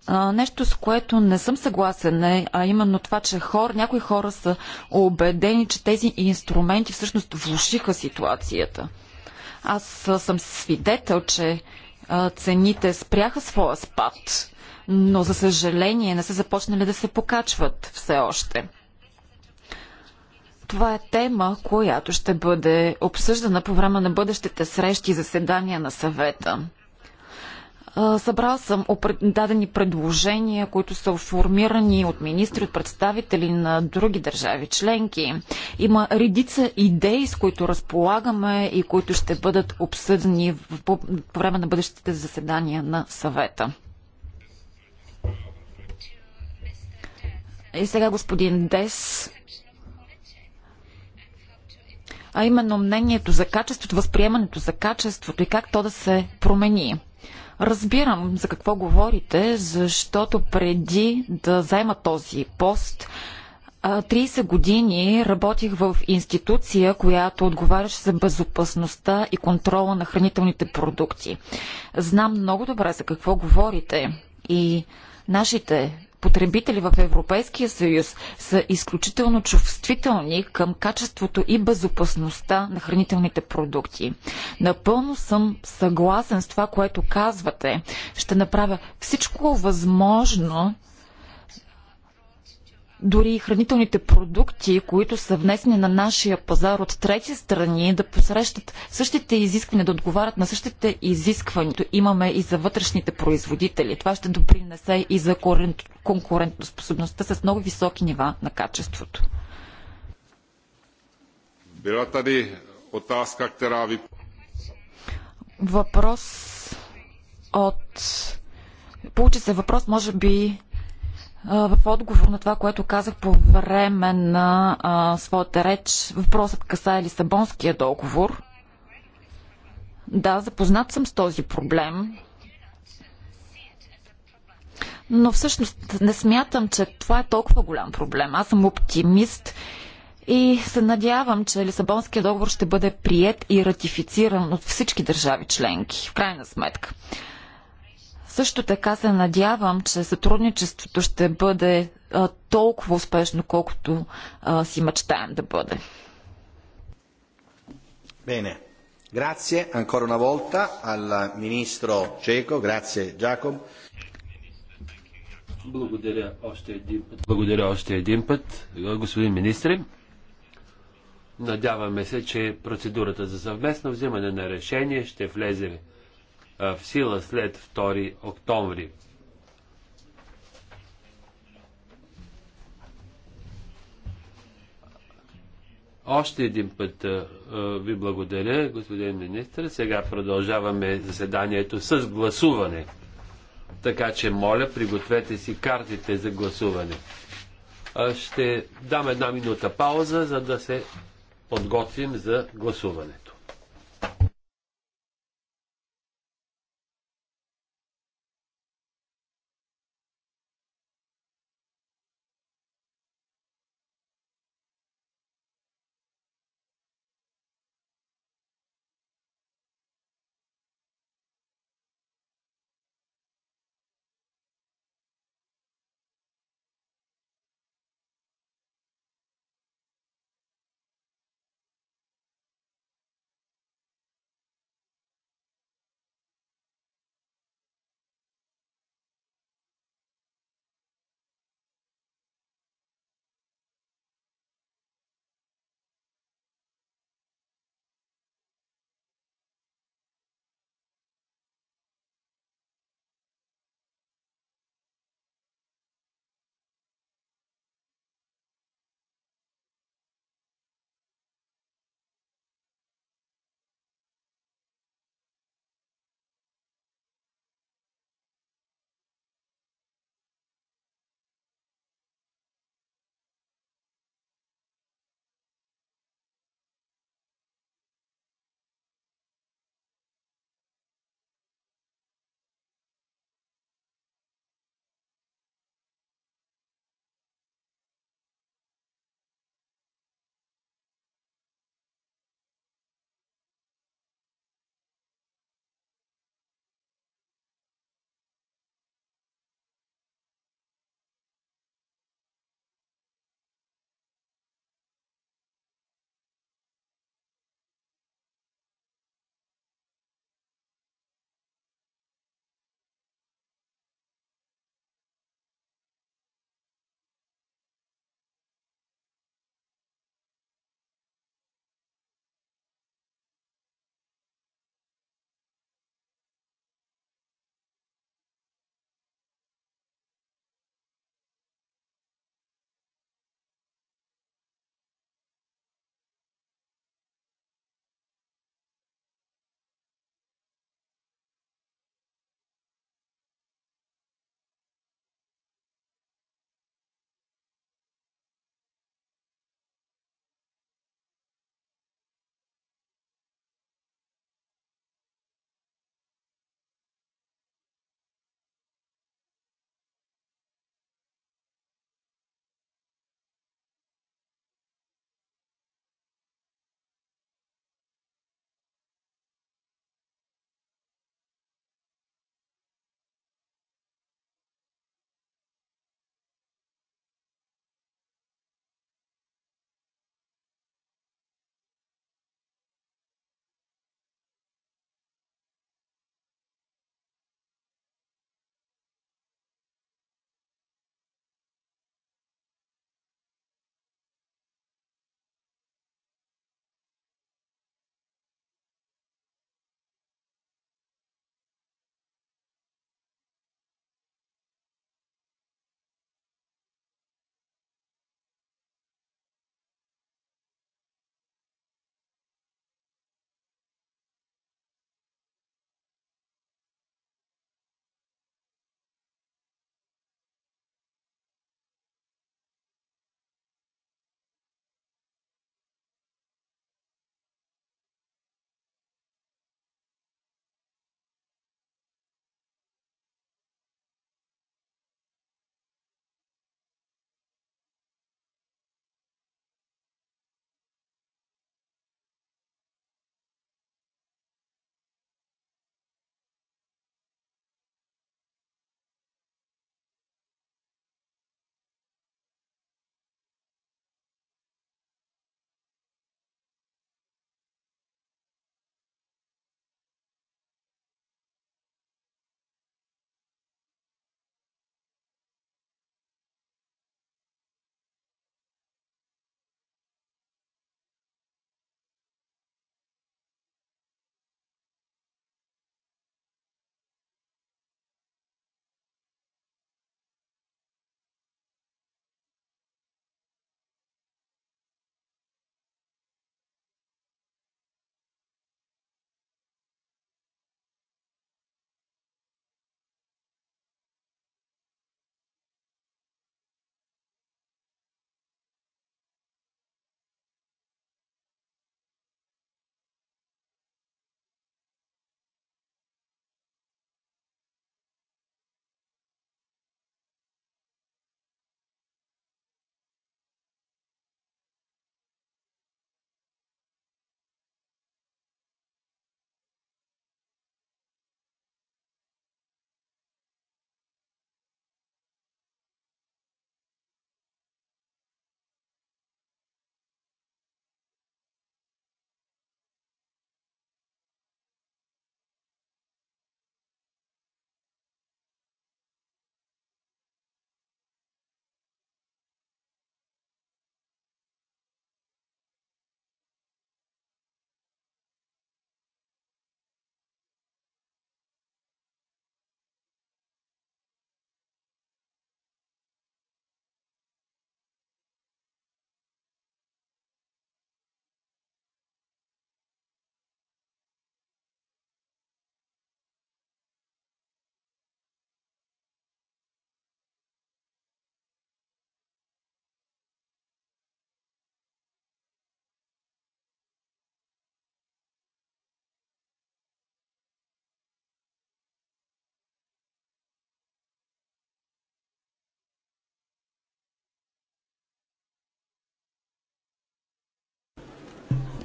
А, нещо, с което не съм съгласен е, а именно това, че хор, някои хора са убедени, че тези инструменти всъщност влушиха ситуацията. Аз съм свидетел, че цените спряха своя спад, но за съжаление не са започнали да се покачват все още. Това е тема, която ще бъде обсъждана по време на бъдещите срещи и заседания на съвета. Събрал съм дадени предложения, които са формирани от министри, от представители на други държави членки. Има редица идеи, с които разполагаме и които ще бъдат обсъдени по време на бъдещите заседания на съвета. И сега господин Дес а именно мнението за качеството, възприемането за качеството и как то да се промени. Разбирам за какво говорите, защото преди да заема този пост, 30 години работих в институция, която отговаряше за безопасността и контрола на хранителните продукти. Знам много добре за какво говорите и нашите потребители в Европейския съюз са изключително чувствителни към качеството и безопасността на хранителните продукти. Напълно съм съгласен с това, което казвате. Ще направя всичко възможно дори и хранителните продукти, които са внесени на нашия пазар от трети страни, да посрещат същите изисквания, да отговарят на същите изисквания, които имаме и за вътрешните производители. Това ще допринесе и за конкурентоспособността с много високи нива на качеството. Била тази která ви... Въпрос от... Получи се въпрос, може би, в отговор на това, което казах по време на а, своята реч, въпросът касае Лисабонския договор. Да, запознат съм с този проблем. Но всъщност не смятам, че това е толкова голям проблем. Аз съм оптимист и се надявам, че Лисабонския договор ще бъде прият и ратифициран от всички държави членки, в крайна сметка. Също така се надявам, че сътрудничеството ще бъде а, толкова успешно, колкото а, си мечтаем да бъде. Bene. Grazie ancora una volta al ministro Ceco, grazie Giacomo. Благодаря още един път. Благодаря още един път, господин министр. Надяваме се, че процедурата за съвместно взимане на решение ще влезе в сила след 2 октомври. Още един път ви благодаря, господин министр. Сега продължаваме заседанието с гласуване. Така че, моля, пригответе си картите за гласуване. Ще дам една минута пауза, за да се подготвим за гласуването.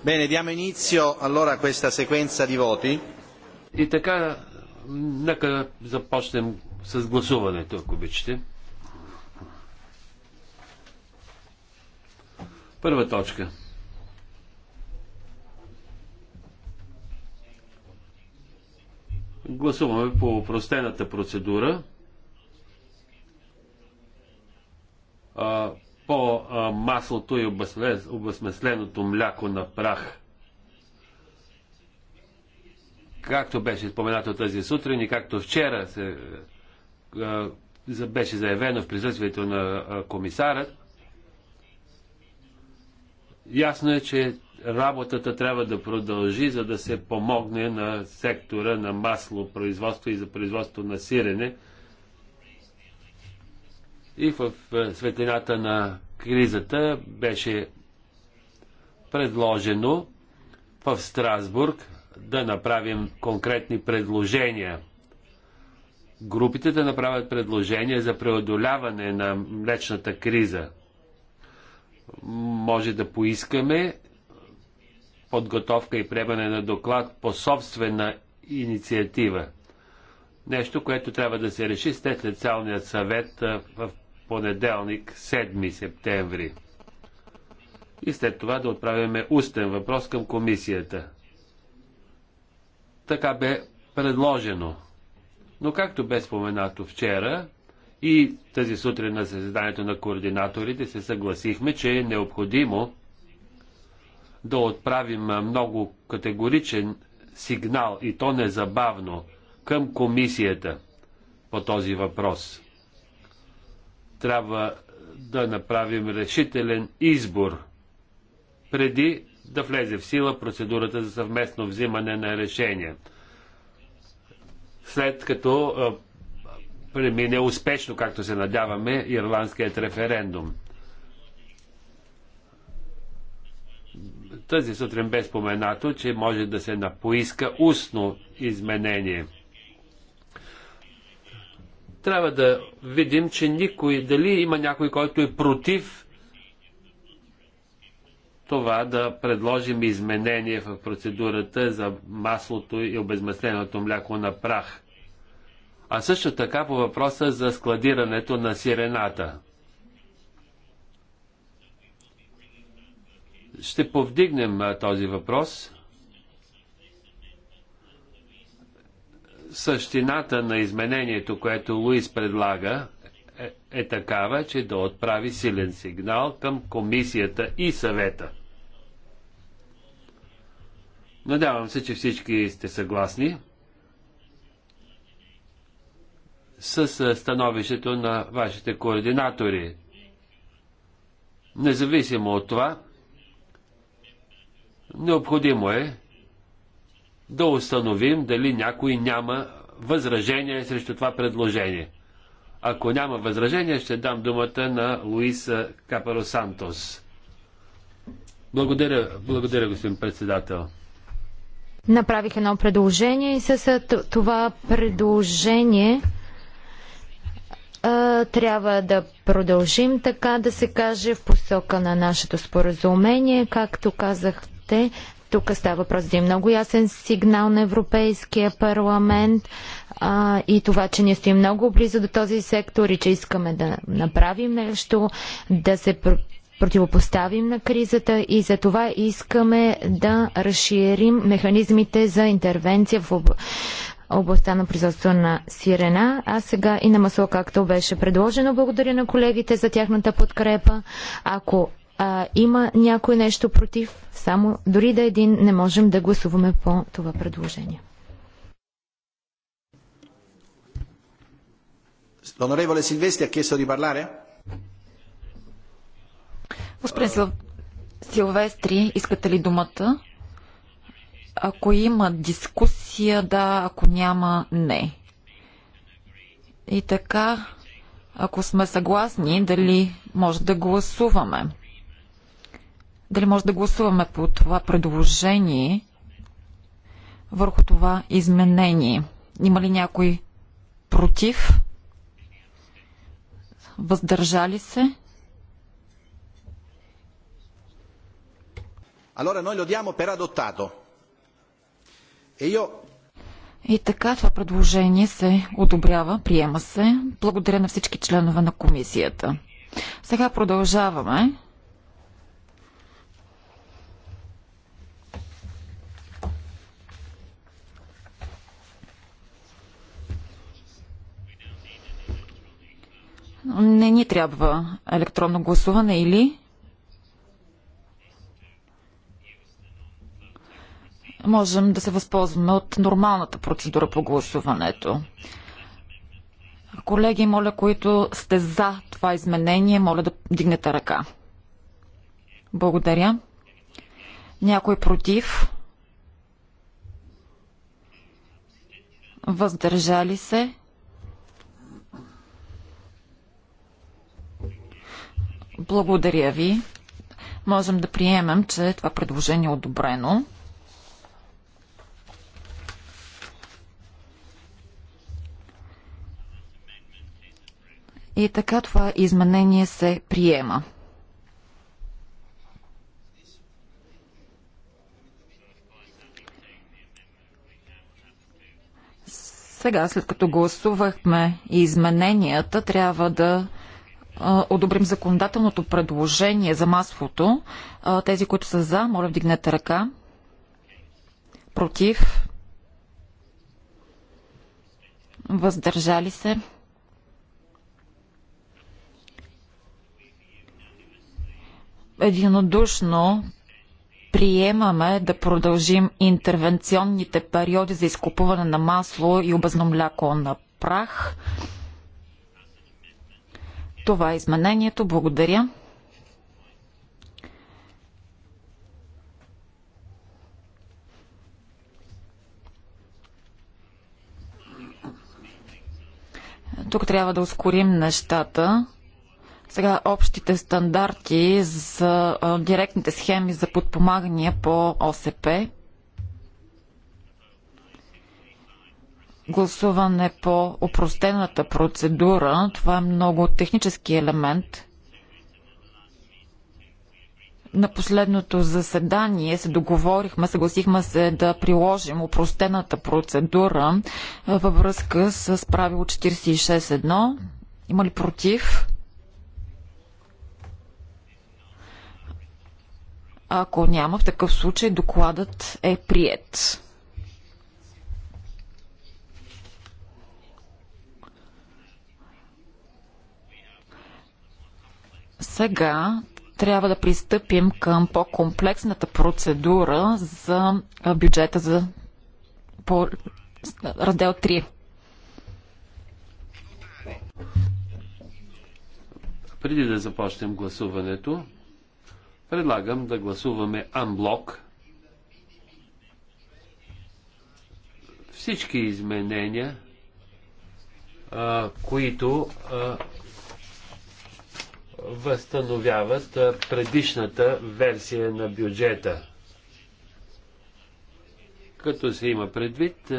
Bene, diamo inizio allora a questa sequenza di voti. И така, нека започнем с гласуването, ако обичате. Първа точка. Гласуваме по простената процедура по маслото и обезмесленото мляко на прах. Както беше споменато тази сутрин и както вчера се, беше заявено в присъствието на комисарът, ясно е, че работата трябва да продължи, за да се помогне на сектора на масло производство и за производство на сирене – и в е, светлината на кризата беше предложено в Страсбург да направим конкретни предложения. Групите да направят предложения за преодоляване на млечната криза. Може да поискаме подготовка и приемане на доклад по собствена инициатива. Нещо, което трябва да се реши след лицалният съвет в понеделник, 7 септември. И след това да отправяме устен въпрос към комисията. Така бе предложено. Но както бе споменато вчера и тази сутрин на заседанието на координаторите се съгласихме, че е необходимо да отправим много категоричен сигнал и то незабавно – към комисията по този въпрос. Трябва да направим решителен избор преди да влезе в сила процедурата за съвместно взимане на решения. След като премине успешно, както се надяваме, ирландският референдум. Тази сутрин бе споменато, че може да се напоиска устно изменение – трябва да видим, че никой, дали има някой, който е против това да предложим изменение в процедурата за маслото и обезмасленото мляко на прах. А също така по въпроса за складирането на сирената. Ще повдигнем този въпрос същината на изменението, което Луис предлага, е, е такава, че да отправи силен сигнал към комисията и съвета. Надявам се, че всички сте съгласни с становището на вашите координатори. Независимо от това, необходимо е да установим дали някой няма възражение срещу това предложение. Ако няма възражение, ще дам думата на Луиса Капаро Сантос. Благодаря, благодаря, господин председател. Направих едно предложение и с това предложение трябва да продължим така да се каже в посока на нашето споразумение. Както казахте, тук става въпрос за е много ясен сигнал на Европейския парламент а, и това, че ние стоим много близо до този сектор и че искаме да направим нещо, да се противопоставим на кризата и за това искаме да разширим механизмите за интервенция в об... областта на производство на сирена, а сега и на масло, както беше предложено. Благодаря на колегите за тяхната подкрепа. Ако а, има някой нещо против, само дори да един не можем да гласуваме по това предложение. L'onorevole Silvestri ha chiesto di parlare? Господин Силвестри, искате ли думата? Ако има дискусия, да, ако няма, не. И така, ако сме съгласни, дали може да гласуваме? Дали може да гласуваме по това предложение върху това изменение? Има ли някой против? Въздържали се? Allora noi lo diamo per adottato. E io и така това предложение се одобрява, приема се. Благодаря на всички членове на комисията. Сега продължаваме. не ни трябва електронно гласуване или можем да се възползваме от нормалната процедура по гласуването. Колеги, моля, които сте за това изменение, моля да дигнете ръка. Благодаря. Някой против? Въздържали се? Благодаря ви. Можем да приемем, че това предложение е одобрено. И така това изменение се приема. Сега, след като гласувахме измененията, трябва да одобрим законодателното предложение за маслото. Тези, които са за, моля вдигнете ръка. Против. Въздържали се. Единодушно приемаме да продължим интервенционните периоди за изкупуване на масло и обезно мляко на прах. Това е изменението. Благодаря. Тук трябва да ускорим нещата. Сега общите стандарти за директните схеми за подпомагания по ОСП. гласуване по опростената процедура. Това е много технически елемент. На последното заседание се договорихме, съгласихме се да приложим опростената процедура във връзка с правило 46.1. Има ли против? Ако няма, в такъв случай докладът е прият. Сега трябва да пристъпим към по-комплексната процедура за бюджета за по раздел 3. Преди да започнем гласуването, предлагам да гласуваме Анблок. всички изменения, които възстановяват предишната версия на бюджета. Като се има предвид,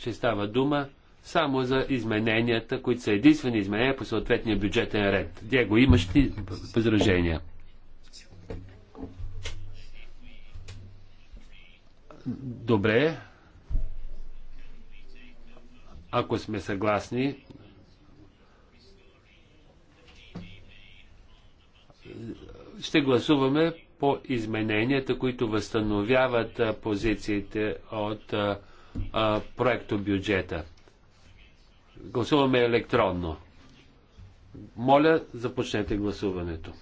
че става дума само за измененията, които са единствени изменения по съответния бюджетен ред. Диего, имаш ли възражения? Добре. Ако сме съгласни, ще гласуваме по измененията, които възстановяват позициите от проекто бюджета. Гласуваме електронно. Моля, започнете гласуването.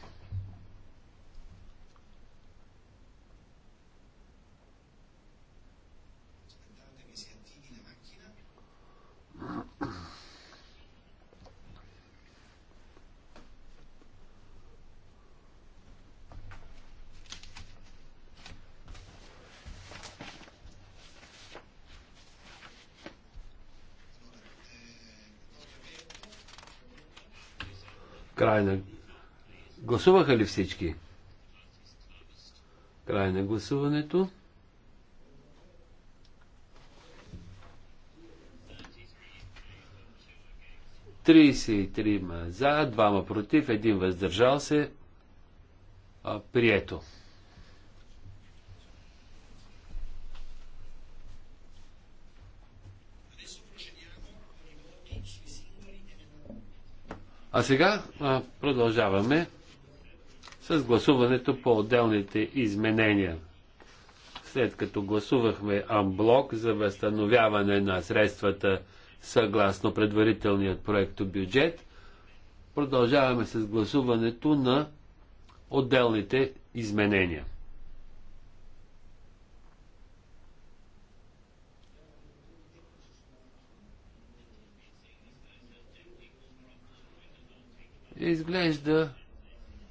Край на... Гласуваха ли всички? Край на гласуването. 33 за, двама против, един въздържал се. Прието. А сега а, продължаваме с гласуването по отделните изменения. След като гласувахме амблок за възстановяване на средствата съгласно предварителният проекто бюджет, продължаваме с гласуването на отделните изменения. Изглежда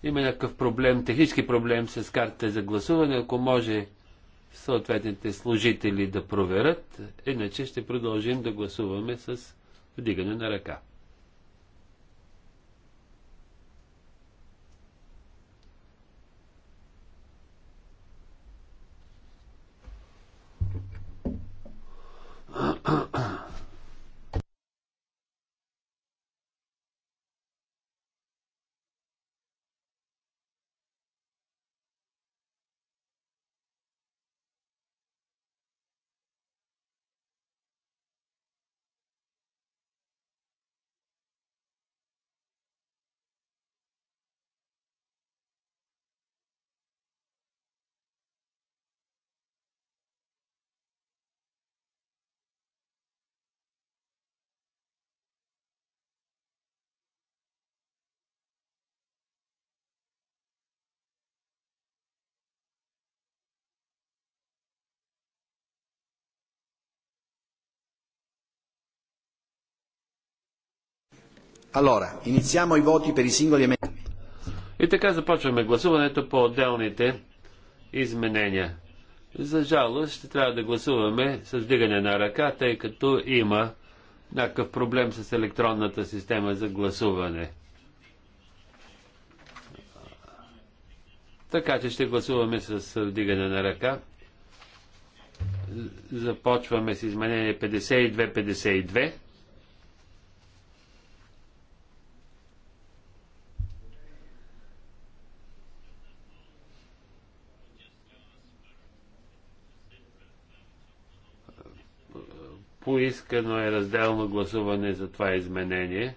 има някакъв проблем, технически проблем с карта за гласуване. Ако може съответните служители да проверят, иначе ще продължим да гласуваме с вдигане на ръка. Allora, iniziamo i voti per i singoli emendamenti. И така започваме гласуването по отделните изменения. За жалост ще трябва да гласуваме с вдигане на ръка, тъй като има някакъв проблем с електронната система за гласуване. Така че ще гласуваме с вдигане на ръка. Започваме с изменение 52-52. Поискано е разделно гласуване за това изменение,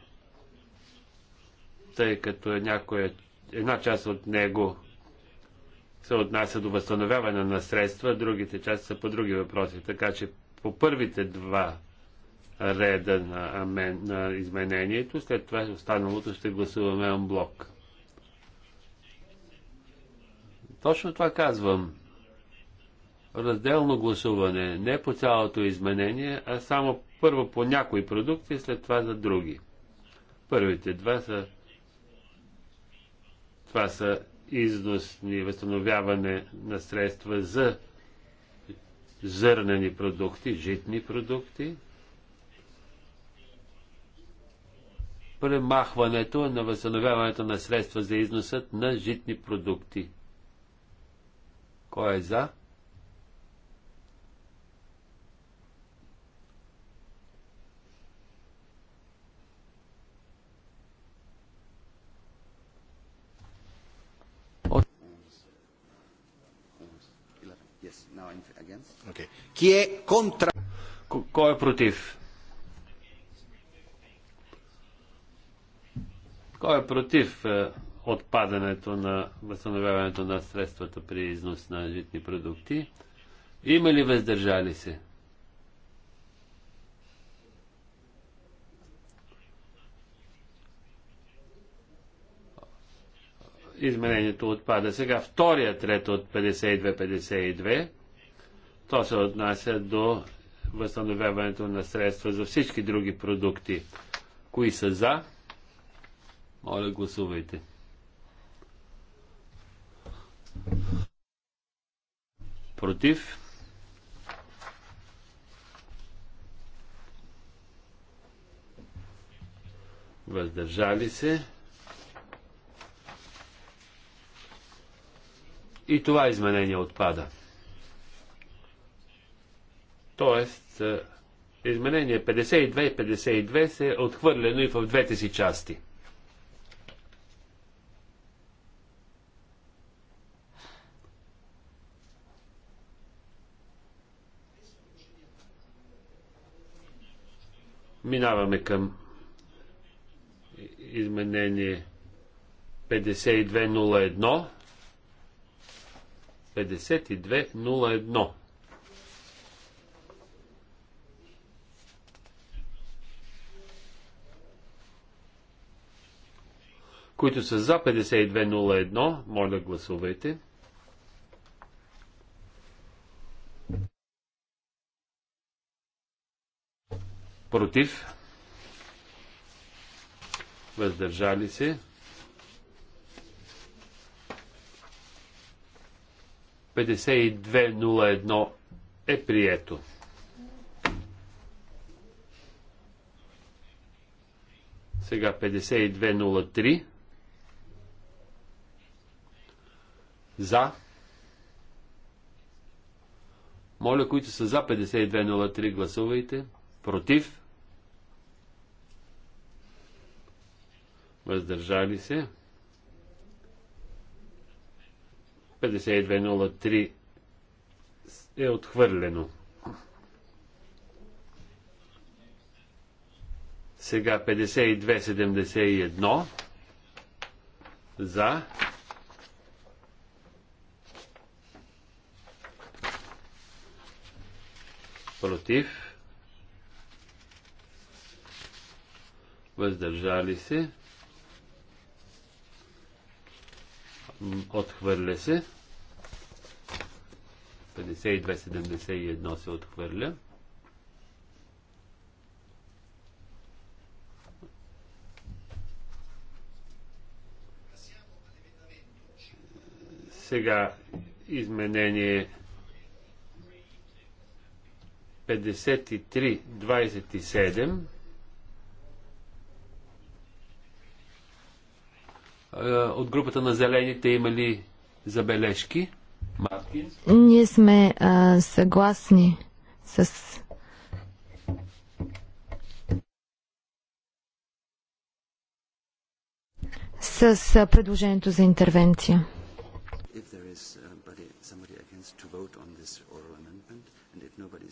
тъй като е някоя, една част от него се отнася до възстановяване на средства, другите части са по други въпроси. Така че по първите два реда на, амен, на изменението, след това останалото ще гласуваме анблок. Точно това казвам разделно гласуване, не по цялото изменение, а само първо по някои продукти, след това за други. Първите два са това са износни, възстановяване на средства за зърнени продукти, житни продукти, премахването на възстановяването на средства за износът на житни продукти. Кой е за? Кой е против? Кой е против е, отпадането на възстановяването на средствата при износ на житни продукти? Има ли въздържали се? Изменението отпада. Сега втория ред от 52-52. То се отнася до възстановяването на средства за всички други продукти. Кои са за? Моля, гласувайте. Против? Въздържали се? И това изменение отпада. Тоест, е, изменение 52 и 52 се е отхвърлено и в двете си части. Минаваме към изменение 5201. 5201. които са за 5201, моля гласувайте. Против. Въздържали се. 5201 е прието. Сега 5203. за. Моля, които са за 5203, гласувайте. Против. Въздържали се. 5203 е отхвърлено. Сега 5271 за против, въздържали се, отхвърля се, 52-71 се отхвърля. Сега изменение 53-27 е, от групата на зелените има ли забележки? Ние сме а, съгласни с с предложението за интервенция.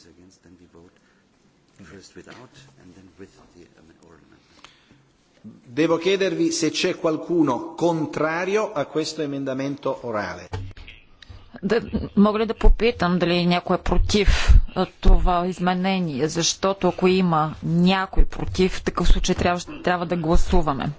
is against, then we vote first without and then with the oral amendment. Devo chiedervi se c'è qualcuno contrario a questo emendamento orale. Да, мога ли да попитам дали някой е против това изменение, защото ако има някой против, в такъв случай трябва, трябва да гласуваме.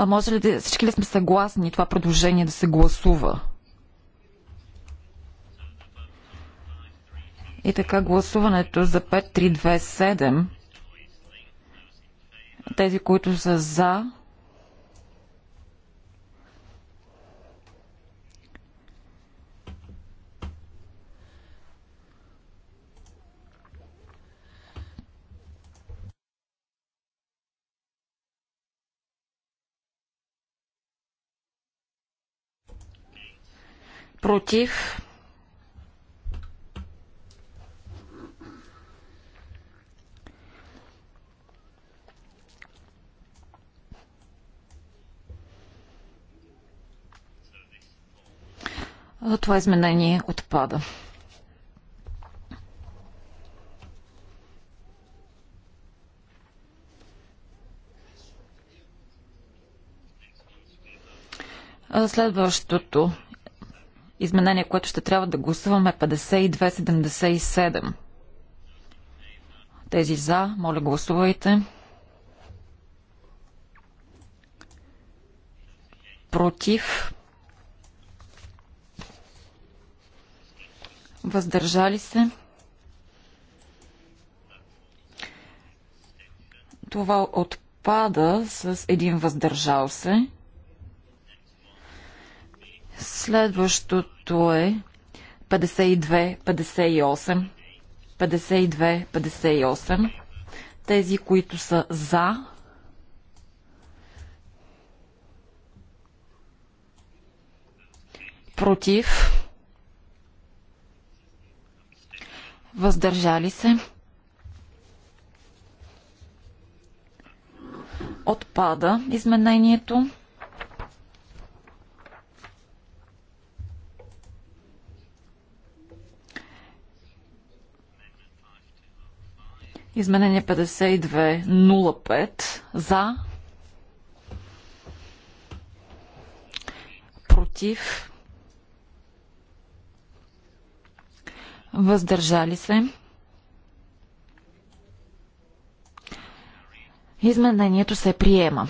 А може ли да, всички ли сме съгласни това предложение да се гласува? И така гласуването за 5327. Тези, които са за, против, това изменение отпада. Следващото изменение, което ще трябва да гласуваме 5277. Тези за, моля гласувайте. Против. Въздържали се. Това отпада с един въздържал се. Следващото е 52-58. 52-58. Тези, които са за, против, въздържали се, отпада изменението. Изменение 52.05 за против въздържали се Изменението се приема.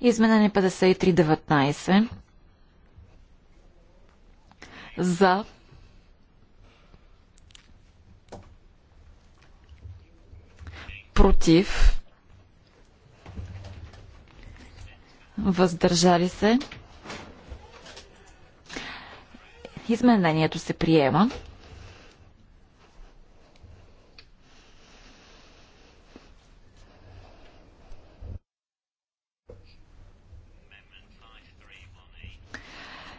Изменение 53.19 за против, въздържали се. Изменението се приема.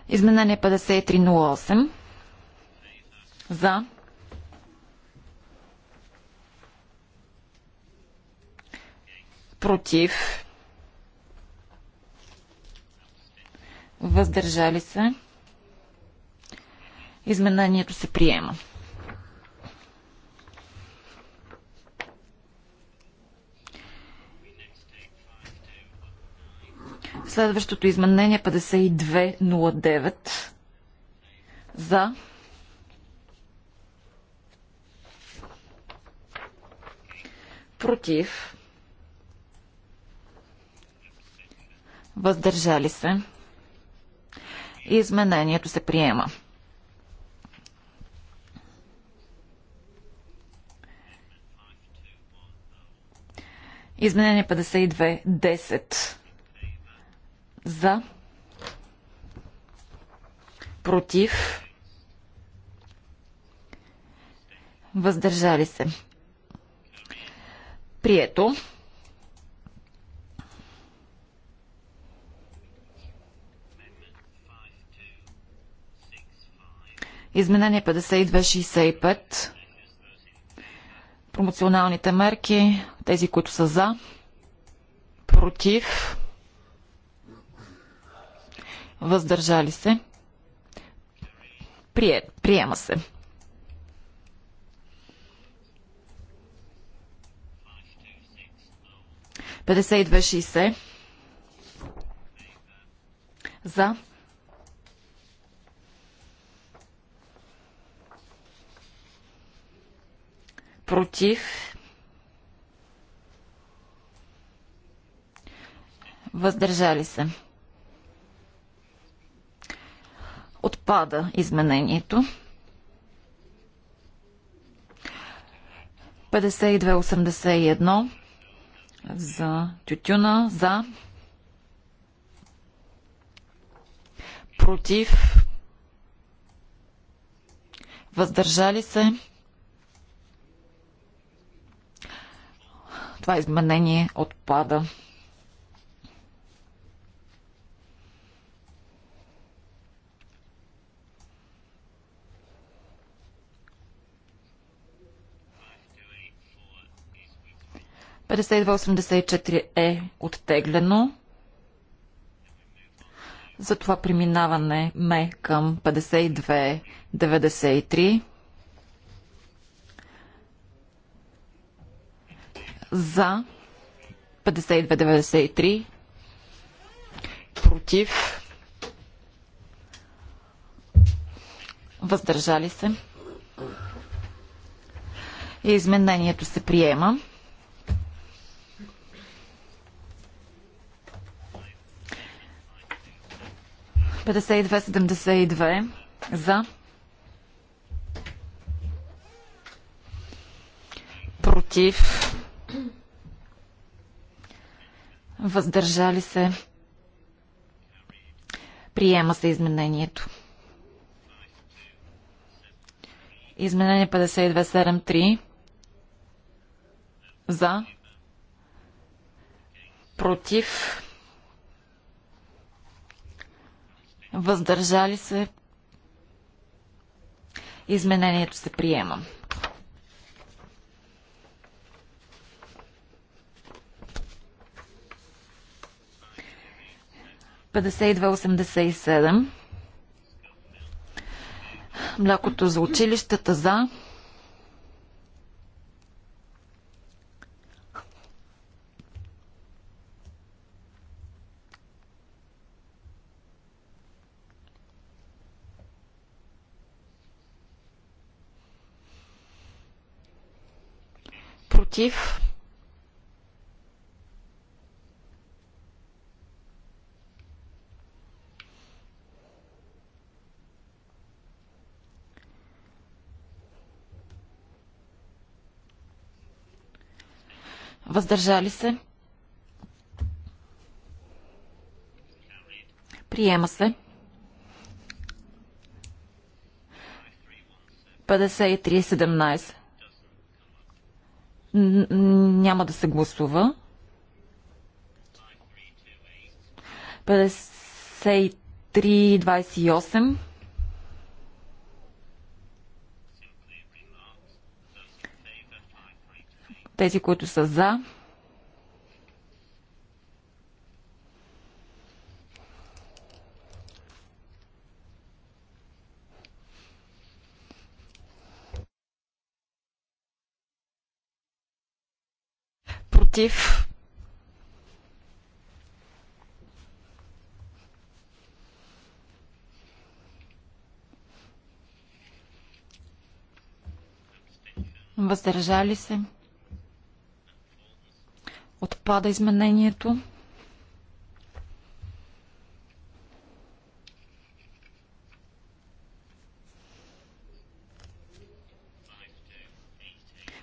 Изменение 5308. За. против, въздържали се, изменението се приема. Следващото изменение 5209 е за против въздържали се. Изменението се приема. Изменение 52, 10 за, против, въздържали се. Прието. Изменение 52, 65. Промоционалните мерки, тези, които са за, против, въздържали се. Прие, приема се. Петдесет и за против, въздържали се. Отпада изменението. 5281 за тютюна, за против, въздържали се. Това изменение отпада. е оттеглено. Затова преминаване ме към 5293. за 5293 против въздържали се и изменението се приема. Петдесет за против Въздържали се. Приема се изменението. Изменение 5273. За. Против. Въздържали се. Изменението се приема. 5287. Млякото за училищата за. Против. Въздържали се? Приема се. 53-17. Няма да се гласува. 53-28. Тези, които са за. Против. Въздържали се. Отпада изменението.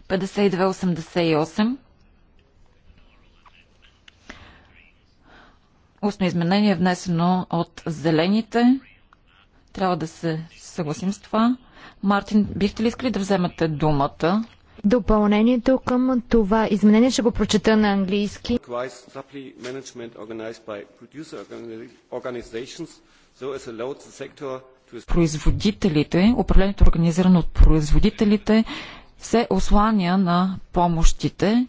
Петдесет и Устно изменение е внесено от зелените. Трябва да се съгласим с това. Мартин, бихте ли искали да вземете думата? Допълнението към това изменение ще го прочета на английски. Производителите, управлението е организирано от производителите, се осланя на помощите,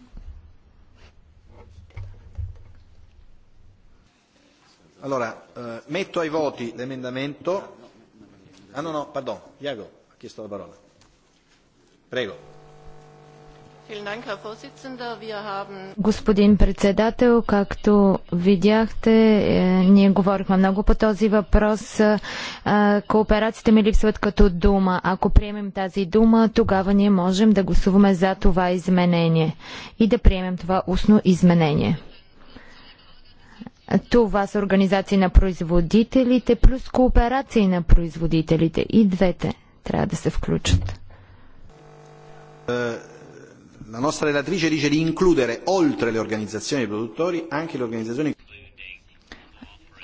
Allora, uh, metto ai voti l'emendamento. Ah no, no, pardon, Iago ha chiesto la parola. Prego. Господин председател, както видяхте, е, ние говорихме много по този въпрос. Е, е, Кооперациите ми липсват като дума. Ако приемем тази дума, тогава ние можем да гласуваме за това изменение и да приемем това устно изменение. Това са организации на производителите плюс кооперации на производителите. И двете трябва да се включат la nostra relatrice dice di includere oltre le organizzazioni dei produttori anche le organizzazioni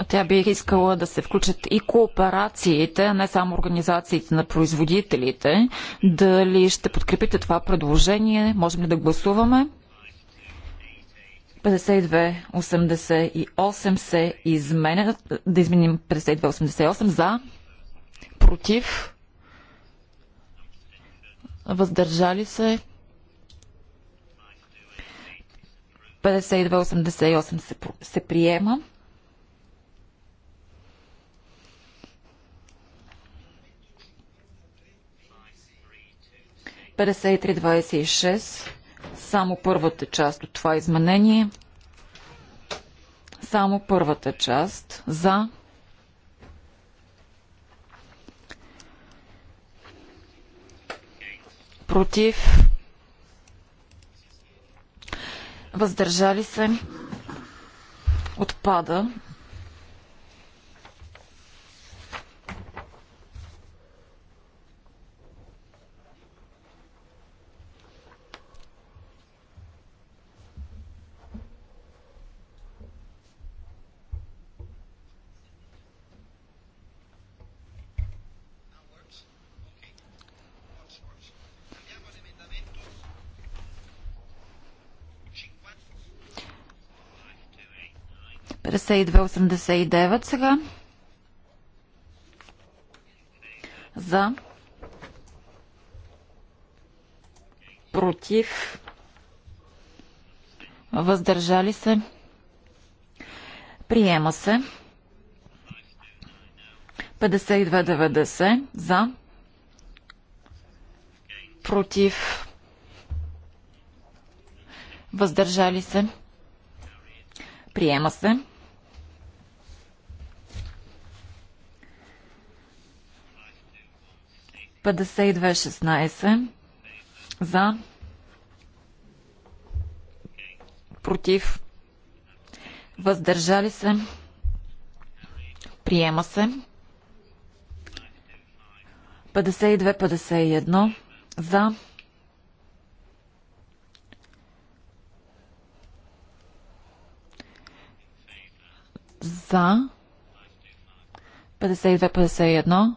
тя би искала да се включат и кооперациите, а не само организациите на производителите. Дали ще подкрепите това предложение? Можем ли да гласуваме? 5288 се изменя. Да изменим 5288 за, против, въздържали се, 5288 се, се приема. Петдесет Само първата част от това изменение. Само първата част. За. Против въздържали се, отпада. 52-89 сега. За. Против. Въздържали се. Приема се. 52-9 52-90. за. Против. Въздържали се. Приема се. 52-16 за, против, въздържали се, приема се. 52-51 за, за 52-51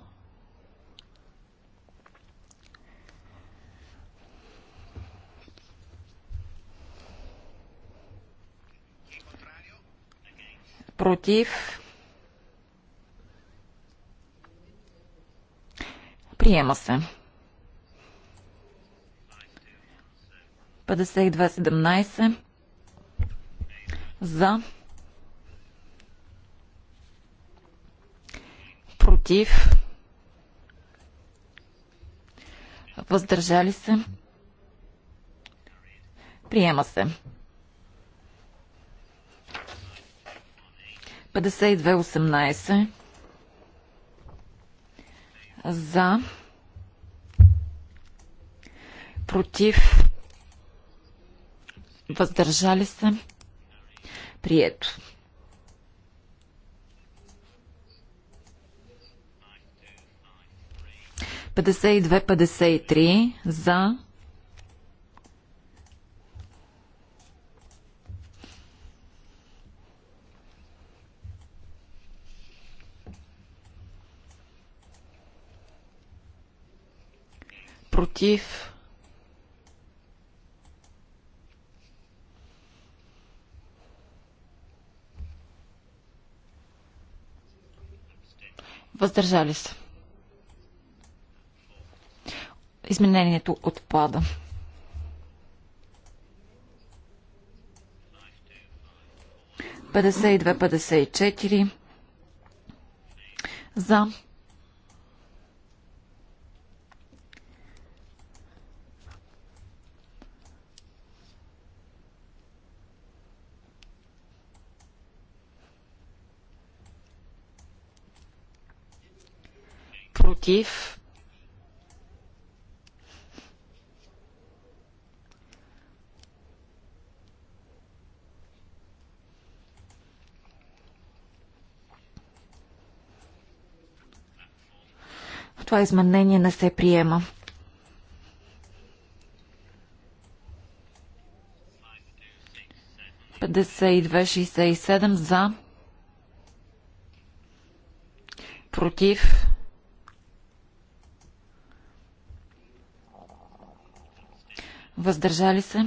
против, приема се. 52-17 за против въздържали се приема се 52-18 за против въздържали се прието Петдесет и две, три за против, въздържали се. Изменението отпада. Петдесет и две, петдесет и четири. За архив. Това изменение не се приема. Пятьдесят и две шестьдесят и седем за против. Въздържали се?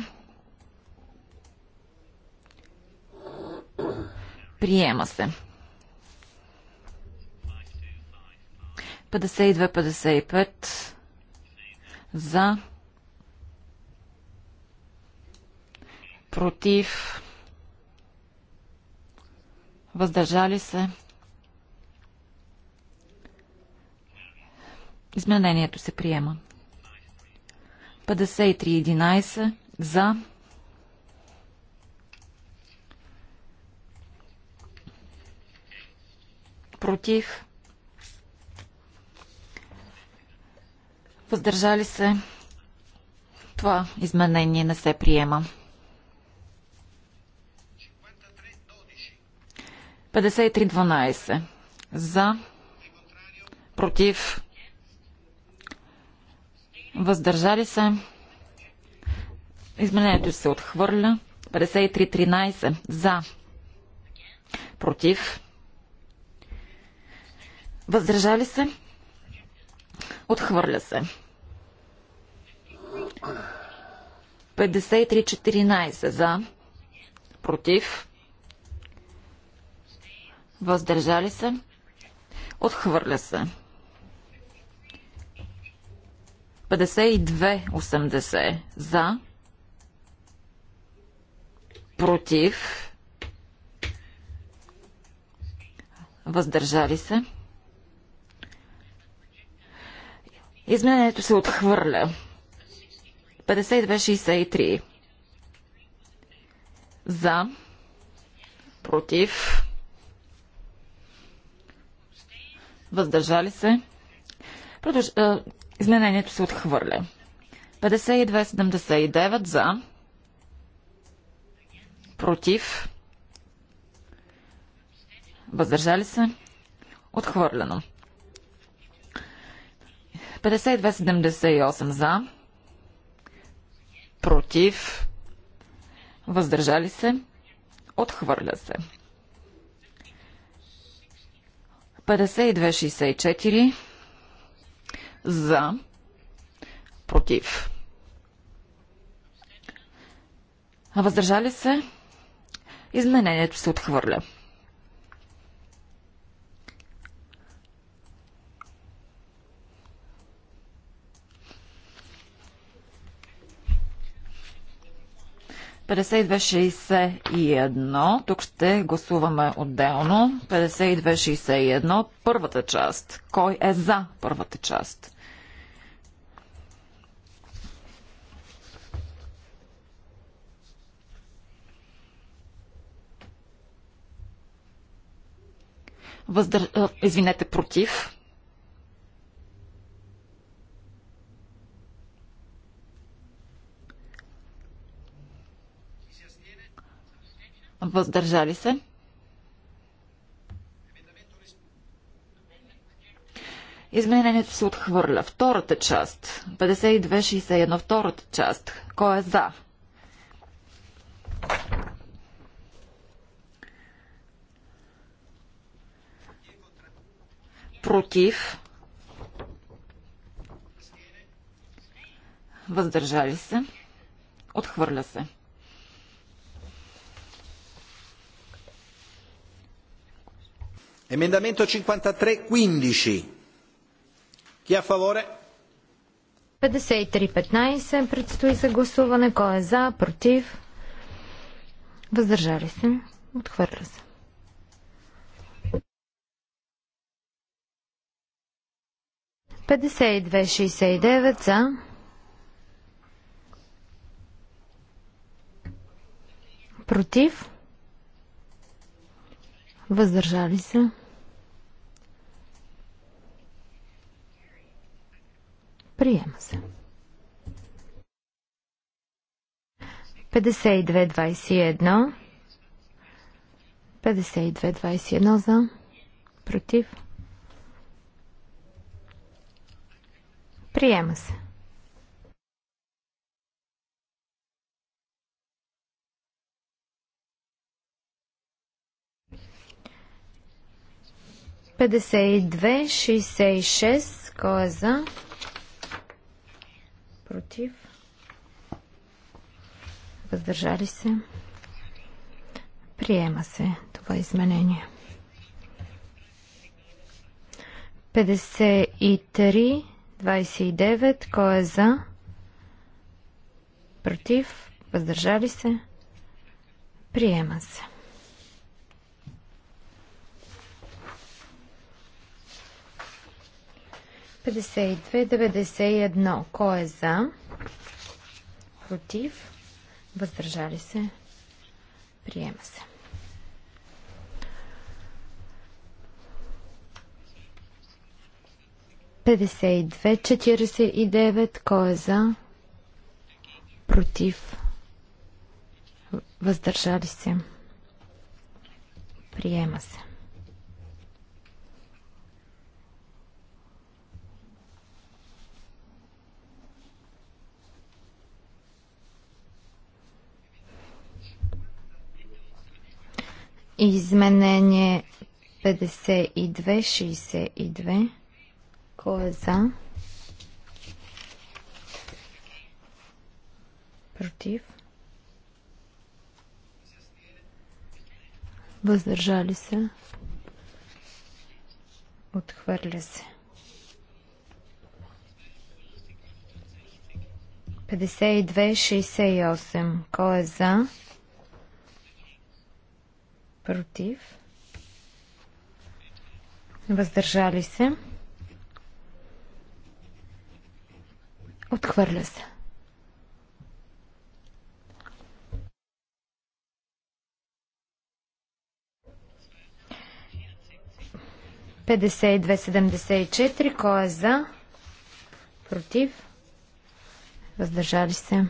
Приема се. 52-55 за против въздържали се Изменението се приема. 5311 за. Против. Въздържали се. Това изменение не се приема. 5312 за. Против. Въздържали се. Изменението се отхвърля. 53-13 за. Против. Въздържали се. Отхвърля се. 53-14 за. Против. Въздържали се. Отхвърля се. 52, 80 за, против, въздържали се. Изменението се отхвърля. 52, 63. за, против, въздържали се. Продълж... Изменението се отхвърля. 52-79 за. Против. Въздържали се. Отхвърлено. 52-78 за. Против. Въздържали се. Отхвърля се. 52-64 за, против. А въздържали се? Изменението се отхвърля. и едно. Тук ще гласуваме отделно. 5261. Първата част. Кой е за първата част? въздър... извинете, против. Въздържали се. Изменението се отхвърля. Втората част. 52-61. Втората част. Кой е за? против, въздържали се, отхвърля се. Emendamento 53-15. Chi a favore? 53-15. Предстои за гласуване. Кой е за? Против? Въздържали се. Отхвърля се. 5269 за. Против. Въздържали се. Приема се. 5221 5221 за. Против. Приема се. Петдесет и две, шестдесет и шест. Кой е за? Против. Въздържали се. Приема се това изменение. и три. 29. Кой е за? Против? Въздържали се? Приема се. Кой е за? Против? Въздържали се? Приема се. 52-49, кой е за? Против? Въздържали се? Приема се. Изменение 52-62 кой е за? Против? Въздържали се? Отхвърля се. 52-68. Кой е за? Против? Въздържали се? Отхвърля се. Петдесет и Кой е за? Против? Въздържали се?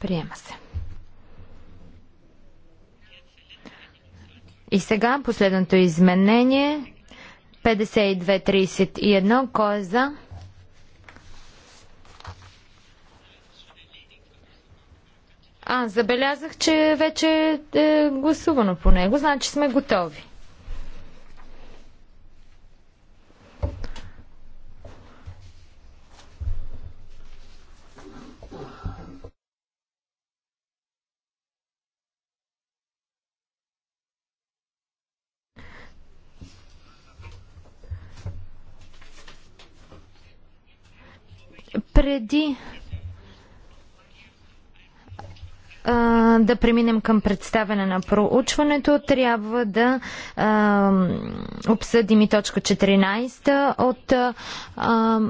Приема се. И сега последното изменение. 52-31. Кой е за? А, забелязах, че вече е гласувано по него, значи сме готови. преди да преминем към представяне на проучването, трябва да а, обсъдим и точка 14 от а,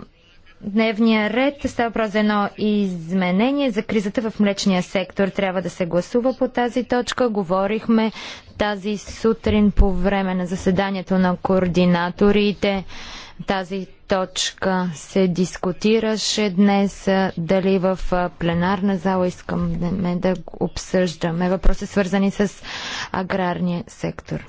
дневния ред става въпрос за едно изменение за кризата в млечния сектор. Трябва да се гласува по тази точка. Говорихме тази сутрин по време на заседанието на координаторите. Тази точка се дискутираше днес. Дали в пленарна зала искаме да обсъждаме въпроси свързани с аграрния сектор.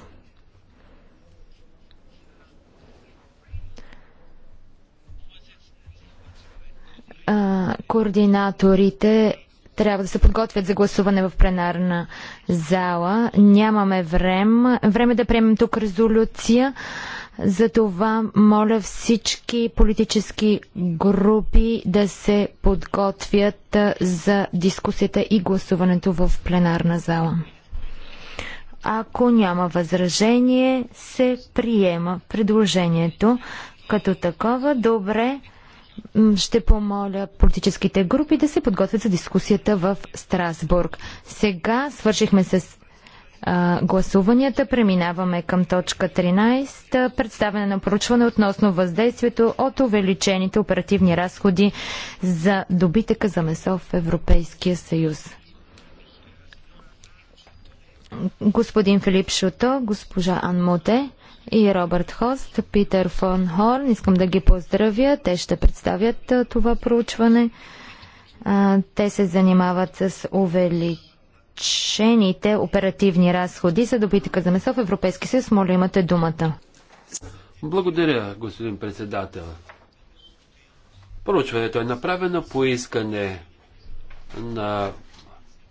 Координаторите трябва да се подготвят за гласуване в пленарна зала. Нямаме време, време да приемем тук резолюция. Затова моля всички политически групи да се подготвят за дискусията и гласуването в пленарна зала. Ако няма възражение, се приема предложението като такова. Добре ще помоля политическите групи да се подготвят за дискусията в Страсбург. Сега свършихме с а, гласуванията. Преминаваме към точка 13. Представяне на поручване относно въздействието от увеличените оперативни разходи за добитъка за месо в Европейския съюз. Господин Филип Шуто, госпожа Ан Моте и Робърт Хост, Питер фон Хорн. Искам да ги поздравя. Те ще представят това проучване. те се занимават с увеличените оперативни разходи за добитъка за месо в Европейски съюз. Моля, имате думата. Благодаря, господин председател. Проучването е направено по искане на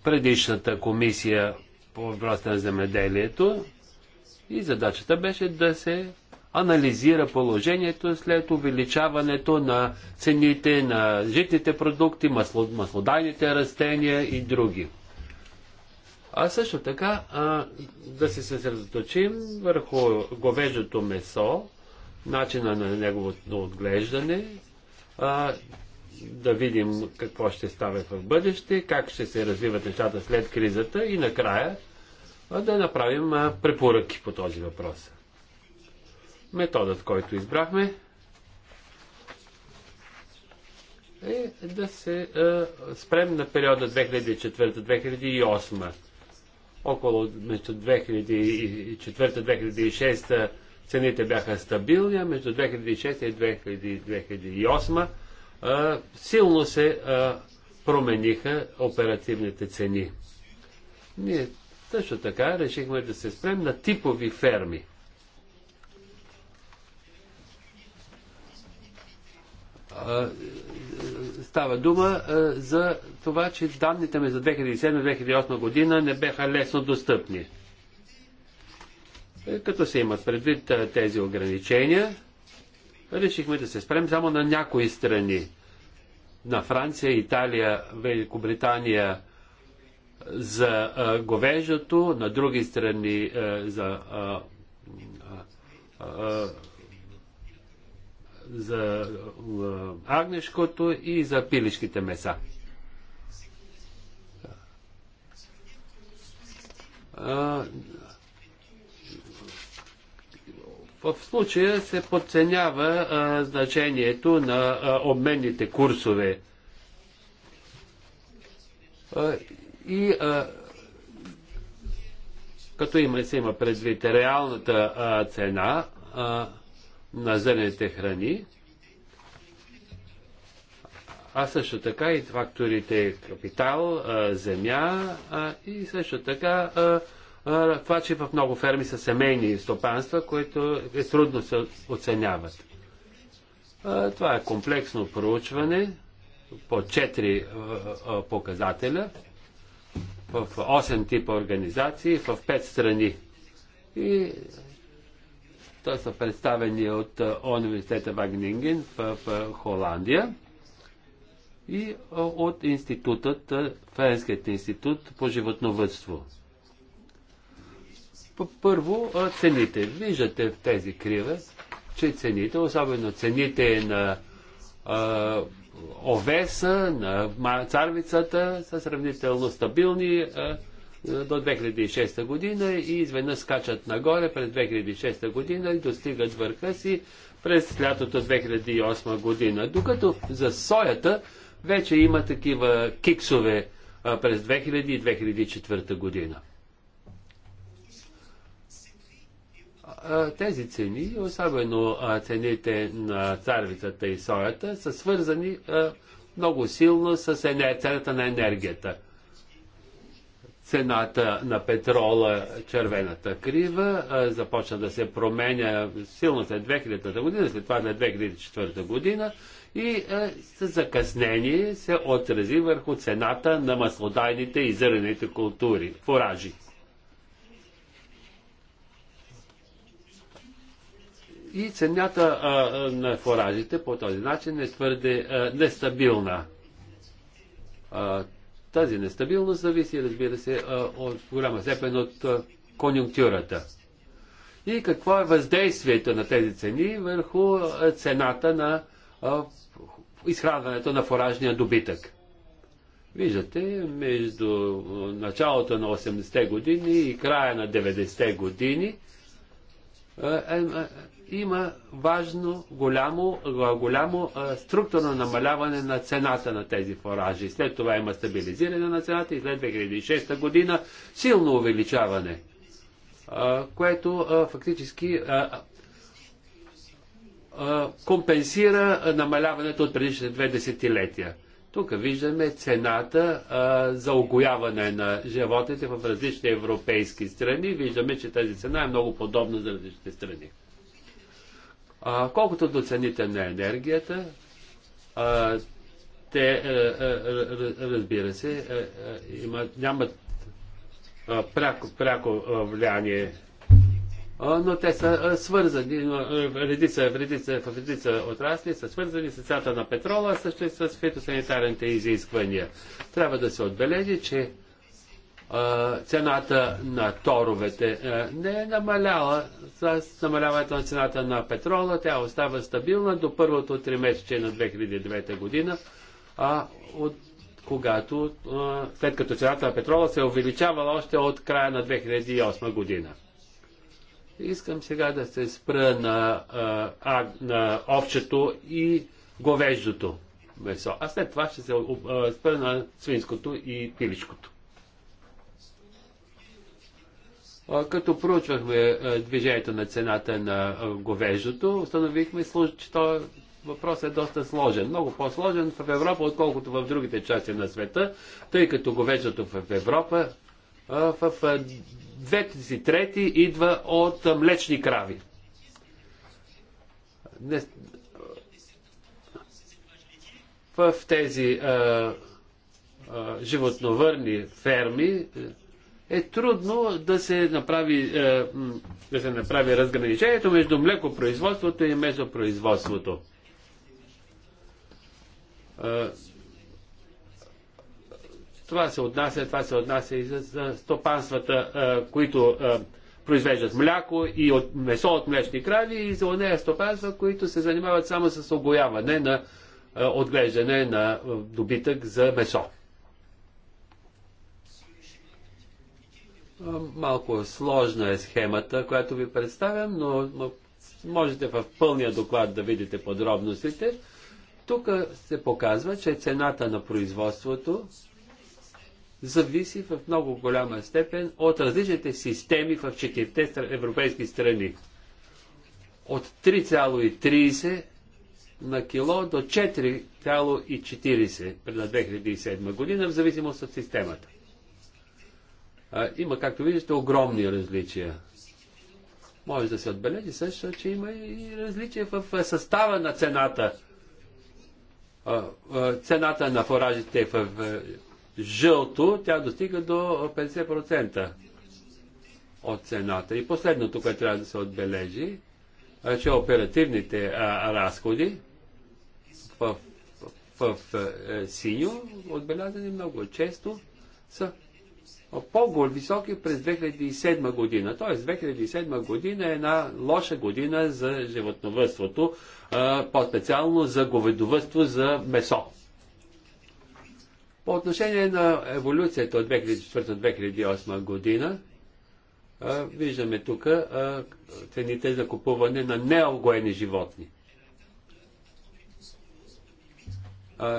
предишната комисия по въпроса на земеделието и задачата беше да се анализира положението след увеличаването на цените на житните продукти, масло, маслодайните растения и други. А също така а, да се съсредоточим върху говеждото месо, начина на неговото отглеждане, а, да видим какво ще става в бъдеще, как ще се развиват нещата след кризата и накрая да направим препоръки по този въпрос. Методът, който избрахме, е да се е, спрем на периода 2004-2008. Около между 2004-2006 цените бяха стабилни, а между 2006 и 2008 е, силно се е, промениха оперативните цени. Ние също така решихме да се спрем на типови ферми. става дума за това, че данните ми за 2007-2008 година не бяха лесно достъпни. Е, като се имат предвид тези ограничения, решихме да се спрем само на някои страни. На Франция, Италия, Великобритания, за говеждото, на други страни за, за агнешкото и за пилишките меса. В случая се подценява а, значението на а, обменните курсове. А, и а, като има, се има предвид реалната а, цена а, на зелените храни, а също така и факторите капитал, а, земя а, и също така а, това, че в много ферми са семейни стопанства, които е трудно се оценяват. това е комплексно проучване по четири показателя – в 8 типа организации в 5 страни. И те са представени от университета Вагнинген в, Холандия и от институтът, Френският институт по животновътство. Първо, цените. Виждате в тези криве, че цените, особено цените на а, овеса, на царвицата са сравнително стабилни до 2006 година и изведнъж скачат нагоре през 2006 година и достигат върха си през лятото 2008 година. Докато за соята вече има такива киксове през 2000 и 2004 година. тези цени, особено цените на царвицата и соята, са свързани много силно с цената на енергията. Цената на петрола, червената крива, започна да се променя силно след 2000 година, след това на 2004 година и с закъснение се отрази върху цената на маслодайните и зърнените култури, фуражи. и цената на форажите по този начин е твърде нестабилна. Тази нестабилност зависи, разбира се, от голяма степен от конюнктурата. И какво е въздействието на тези цени върху цената на изхранването на форажния добитък? Виждате, между началото на 80-те години и края на 90-те години има важно, голямо, голямо структурно намаляване на цената на тези форажи. След това има стабилизиране на цената и след 2006 година силно увеличаване, което фактически компенсира намаляването от предишните две десетилетия. Тук виждаме цената а, за огояване на животните в различни европейски страни. Виждаме, че тази цена е много подобна за различните страни. А, колкото до цените на енергията, а, те, а, е, а, е, е, разбира се, а, а, имат, нямат а, пряко, пряко влияние, а, но те са а, свързани, в редица, редица, в редица отрасли са свързани с цената на петрола, също и с фитосанитарните изисквания. Трябва да се отбележи, че цената на торовете не е намаляла. С намаляването на цената на петрола тя остава стабилна до първото месече на 2009 година, а от когато, след като цената на петрола се е увеличавала още от края на 2008 година. Искам сега да се спра на, а, на овчето и говеждото месо, а след това ще се спра на свинското и пиличкото. Като проучвахме е, движението на цената на е, говеждото, установихме, че то въпрос е доста сложен. Много по-сложен в Европа, отколкото в другите части на света, тъй като говеждото в Европа е, в двете си трети идва от млечни крави. В тези животновърни ферми е трудно да се направи, е, да се направи разграничението между млекопроизводството и месопроизводството. Е, това се отнася, това се отнася и за стопанствата, е, които произвеждат мляко и от, месо от млечни крави и за нея стопанства, които се занимават само с огояване на отглеждане на добитък за месо. Малко сложна е схемата, която ви представям, но можете в пълния доклад да видите подробностите. Тук се показва, че цената на производството зависи в много голяма степен от различните системи в четирите европейски страни. От 3,30 на кило до 4,40 на 2007 година, в зависимост от системата. Има, както виждате, огромни различия. Може да се отбележи също, че има и различия в състава на цената. Цената на форажите в жълто, тя достига до 50% от цената. И последното, което трябва да се отбележи, че оперативните разходи в, в, в е, синьо, отбелязани много често, са по-високи през 2007 година. Тоест 2007 година е една лоша година за животновътството, по-специално за говедовътство за месо. По отношение на еволюцията от 2004-2008 година, виждаме тук цените за купуване на неогоени животни.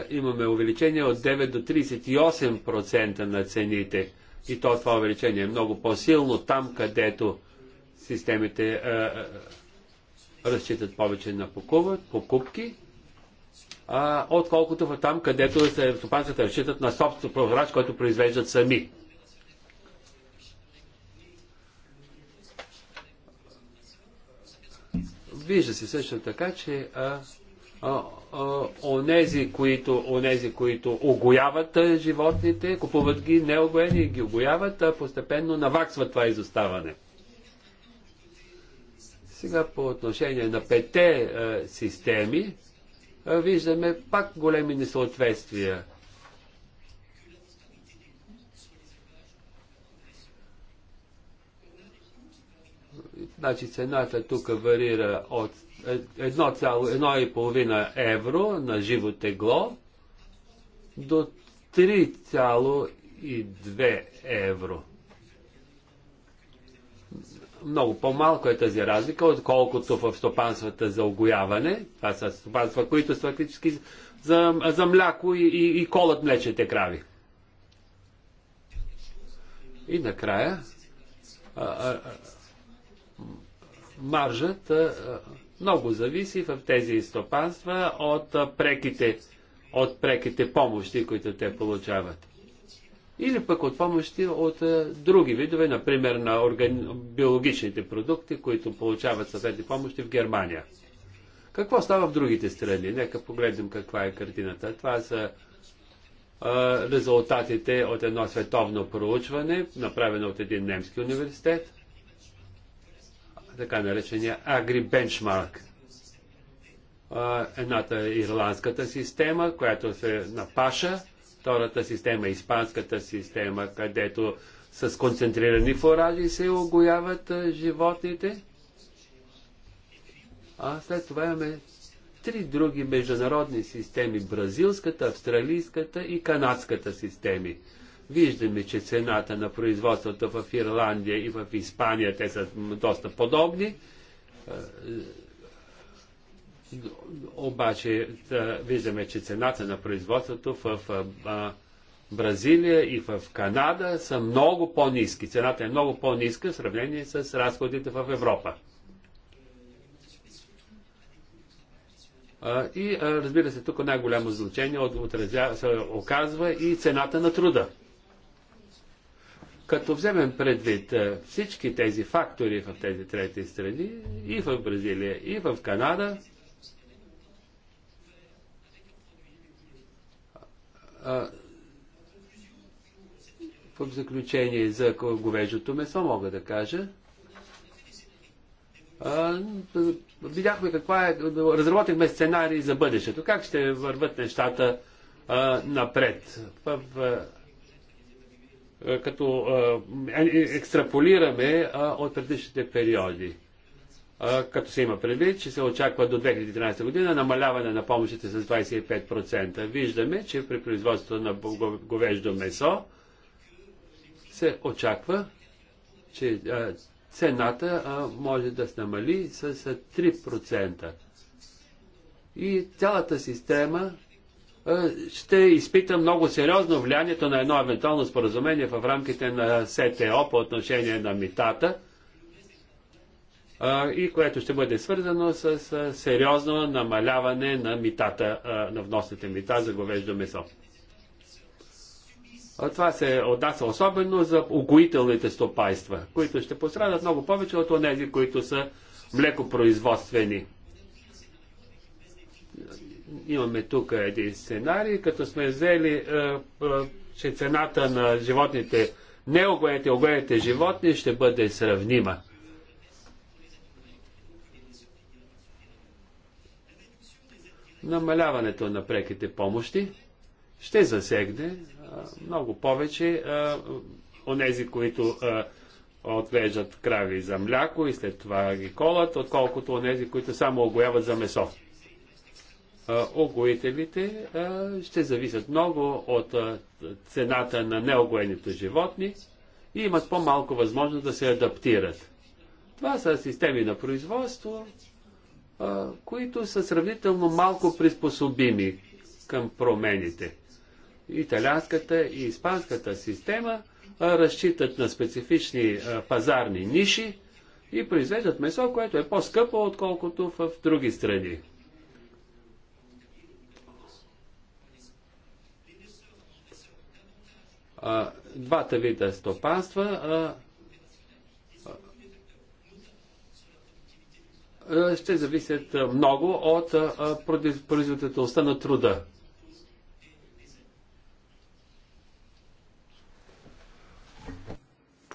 имаме увеличение от 9 до 38% на цените и то това увеличение е много по-силно там, където системите е, е разчитат повече на покупки, а, отколкото в там, където се стопанствата разчитат на собствен прозрач, който произвеждат сами. Вижда се също така, че а, а, онези, които, онези, които огояват животните, купуват ги неогоени и ги огояват, а постепенно наваксват това изоставане. Сега по отношение на пете а, системи, а, виждаме пак големи несъответствия. Значи цената тук варира от 1,5 евро на живо тегло до 3,2 евро. Много по-малко е тази разлика, отколкото в стопанствата за огояване. Това са стопанства, които са фактически за, за мляко и, и, и колът млечете крави. И накрая а, а, маржът а, много зависи в тези стопанства от преките, от преките помощи, които те получават. Или пък от помощи от други видове, например на органи... биологичните продукти, които получават съветни помощи в Германия. Какво става в другите страни? Нека погледнем каква е картината. Това са резултатите от едно световно проучване, направено от един немски университет така наречения агрибенчмарк. Едната е ирландската система, която се напаша, втората система е испанската система, където с концентрирани форажи се огояват животните. А след това имаме три други международни системи бразилската, австралийската и канадската системи. Виждаме, че цената на производството в Ирландия и в Испания, те са доста подобни. Е, обаче виждаме, че цената на производството в Бразилия и в Канада са много по-низки. Цената е много по-ниска в сравнение с разходите в Европа. И разбира се, тук най-голямо значение отразя, се оказва и цената на труда. Като вземем предвид е, всички тези фактори в тези трети страни, и в Бразилия, и в Канада, в заключение за говежото месо мога да кажа, видяхме каква е, разработихме сценарии за бъдещето, как ще върват нещата напред. В е, като е, е, екстраполираме от предишните периоди. Като се има предвид, че се очаква до 2013 година намаляване на помощите с 25%. Виждаме, че при производството на говеждо месо се очаква, че цената може да се намали с 3%. И цялата система е, ще изпита много сериозно влиянието на едно евентуално споразумение в рамките на СТО по отношение на митата е, и което ще бъде свързано с сериозно намаляване на митата, е, на вносните мита за говеждо месо. Това се отнася особено за угоителните стопайства, които ще пострадат много повече от тези, които са млекопроизводствени Имаме тук един сценарий, като сме взели, е, е, че цената на животните, неогоените, огоените животни ще бъде сравнима. Намаляването на преките помощи ще засегне е, много повече тези, които отглеждат крави за мляко и след това ги колат, отколкото онези, които само огояват за месо огоителите ще зависят много от цената на неогоените животни и имат по-малко възможност да се адаптират. Това са системи на производство, които са сравнително малко приспособими към промените. Италианската и испанската система разчитат на специфични пазарни ниши и произвеждат месо, което е по-скъпо, отколкото в други страни. двата вида стопанства ще зависят много от производителността на труда.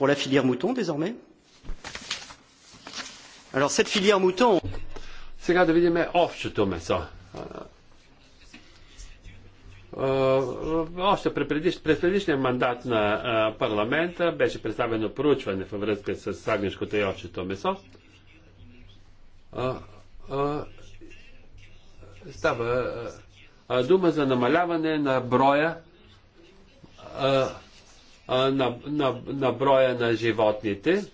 Pour la filière mouton désormais Alors cette filière mouton... Сега да видим овчето месо. Още през предиш, предишния мандат на парламента беше представено проучване във връзка с агнешкото и овчето месо. Става дума за намаляване на броя на, на, на броя на животните.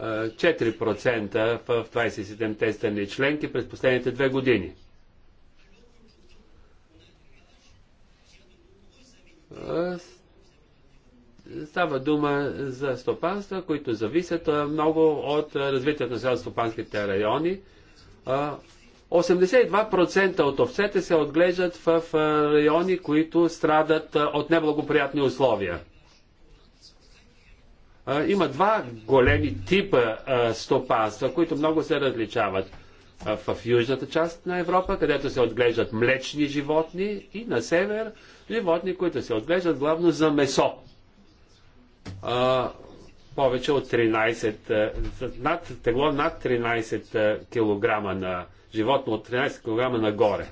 4% в 27-те страни членки през последните две години. Става дума за стопанства, които зависят много от развитието на селско-стопанските райони. 82% от овцете се отглеждат в райони, които страдат от неблагоприятни условия. Има два големи типа стопанства, които много се различават в южната част на Европа, където се отглеждат млечни животни и на север животни, които се отглеждат главно за месо. А, повече от 13, над, тегло над 13 кг на животно от 13 кг нагоре.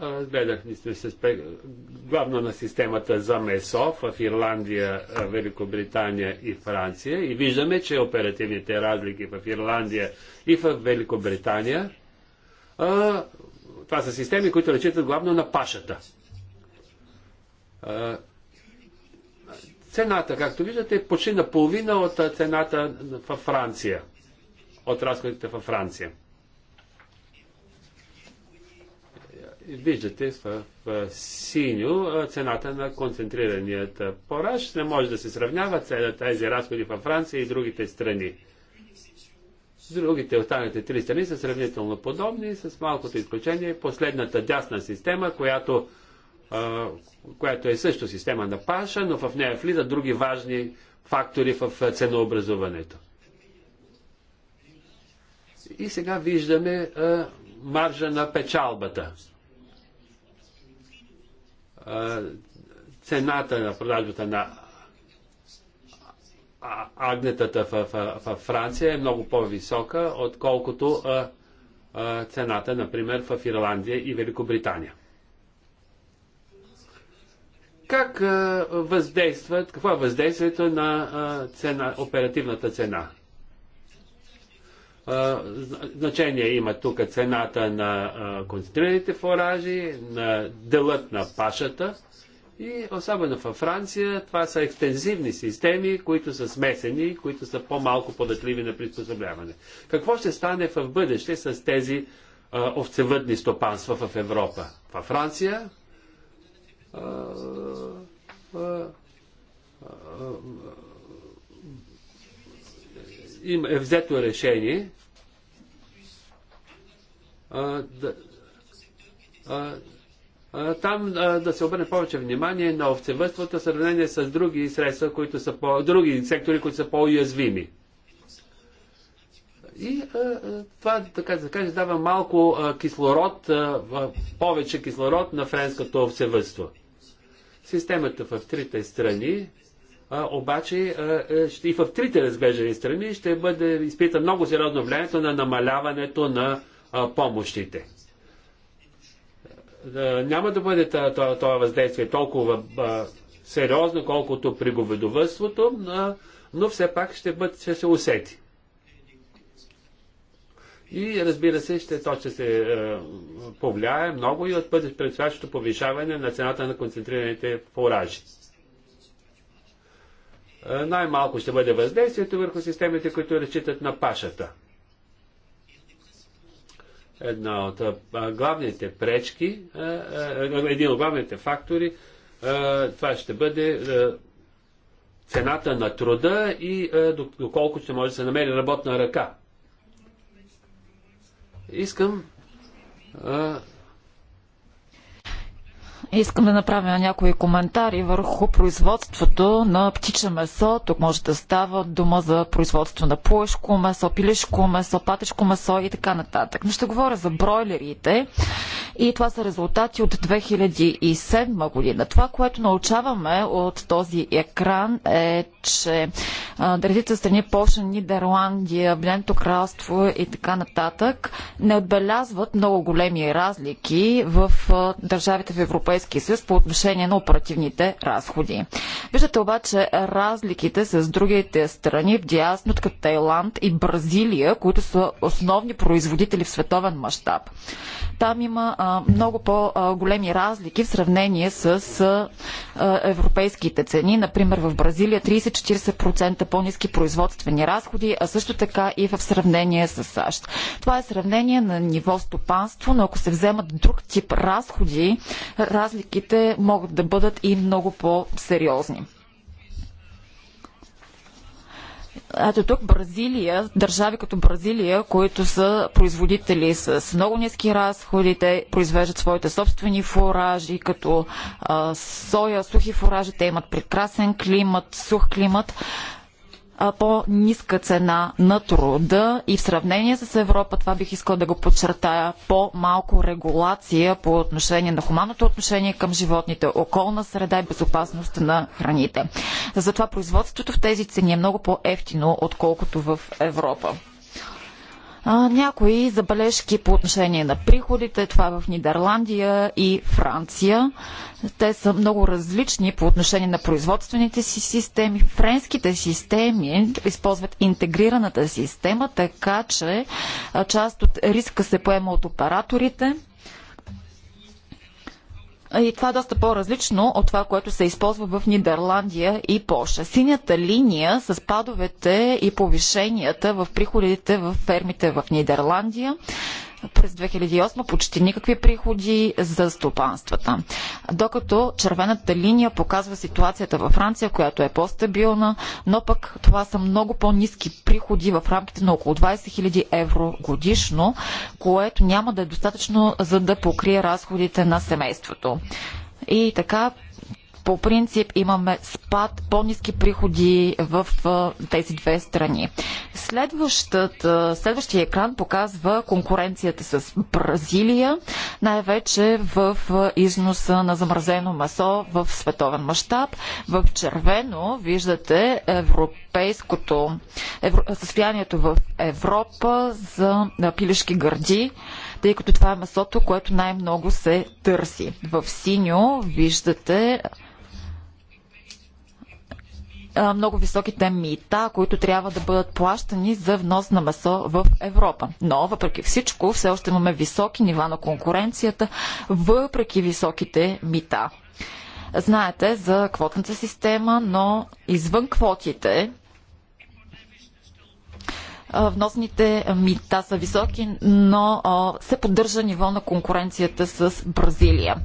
гледахме се спе... главно на системата за месо в Ирландия, Великобритания и Франция и виждаме, че оперативните разлики в Ирландия и в Великобритания а, това са системи, които речитат главно на пашата. А, цената, както виждате, е почти наполовина от цената във Франция, от разходите във Франция. виждате в, в синьо цената на концентрираният пораж. Не може да се сравнява тези разходи във Франция и другите страни. Другите останалите три страни са сравнително подобни, с малкото изключение последната дясна система, която, а, която е също система на паша, но в нея влизат други важни фактори в ценообразуването. И сега виждаме а, маржа на печалбата цената на продажбата на агнетата в, в, в Франция е много по-висока, отколкото а, а, цената, например, в Ирландия и Великобритания. Как а, въздействат, какво е въздействието на а, цена, оперативната цена? значение има тук цената на концентрираните форажи, на делът на пашата и особено във Франция това са екстензивни системи, които са смесени, които са по-малко податливи на приспособяване. Какво ще стане в бъдеще с тези а, овцевъдни стопанства в Европа? Във Франция а, а, е взето решение там да се обърне повече внимание на овцевътството в сравнение с други средства, които са по, други сектори, които са по-уязвими. И това, така да кажа, дава малко кислород, повече кислород на френското овцевътство. Системата в трите страни, обаче е, и в трите разглеждани страни ще бъде изпита много сериозно влиянието на намаляването на помощите. Е, няма да бъде това въздействие толкова сериозно, колкото при говедовътството, но все пак ще, бъде, ще се усети. И разбира се, ще, то ще се е, повлияе много и от предстоящото повишаване на цената на концентрираните фуражи. Е, най-малко ще бъде въздействието върху системите, които разчитат на пашата една от главните пречки, един от главните фактори, това ще бъде цената на труда и доколко ще може да се намери работна ръка. Искам Искам да направя някои коментари върху производството на птиче месо. Тук може да става дума за производство на пуешко месо, пилешко месо, патешко месо и така нататък. Но ще говоря за бройлерите и това са резултати от 2007 година. Това, което научаваме от този екран е, че редица страни Польша, Нидерландия, Бленто кралство и така нататък не отбелязват много големи разлики в държавите в Европейския Европейския съюз по отношение на оперативните разходи. Виждате обаче разликите с другите страни в дясно, като Тайланд и Бразилия, които са основни производители в световен мащаб. Там има а, много по-големи разлики в сравнение с а, европейските цени. Например, в Бразилия 30-40% по-низки производствени разходи, а също така и в сравнение с САЩ. Това е сравнение на ниво стопанство, но ако се вземат друг тип разходи, раз разликите могат да бъдат и много по-сериозни. Ето тук Бразилия, държави като Бразилия, които са производители с много ниски разходи, те произвеждат своите собствени фуражи, като а, соя, сухи фуражи, те имат прекрасен климат, сух климат по-ниска цена на труда и в сравнение с Европа, това бих искал да го подчертая, по-малко регулация по отношение на хуманното отношение към животните, околна среда и безопасност на храните. Затова производството в тези цени е много по-ефтино, отколкото в Европа а, някои забележки по отношение на приходите. Това е в Нидерландия и Франция. Те са много различни по отношение на производствените си системи. Френските системи използват интегрираната система, така че част от риска се поема от операторите и това е доста по-различно от това, което се използва в Нидерландия и Польша. Синята линия с падовете и повишенията в приходите в фермите в Нидерландия през 2008 почти никакви приходи за стопанствата. Докато червената линия показва ситуацията във Франция, която е по-стабилна, но пък това са много по-низки приходи в рамките на около 20 000 евро годишно, което няма да е достатъчно за да покрие разходите на семейството. И така по принцип имаме спад, по-низки приходи в тези две страни. следващия екран показва конкуренцията с Бразилия, най-вече в износа на замразено масо в световен мащаб. В червено виждате европейското евро, състоянието в Европа за пилешки гърди тъй като това е масото, което най-много се търси. В синьо виждате много високите мита, които трябва да бъдат плащани за внос на месо в Европа. Но, въпреки всичко, все още имаме високи нива на конкуренцията, въпреки високите мита. Знаете за квотната система, но извън квотите вносните мита са високи, но се поддържа ниво на конкуренцията с Бразилия.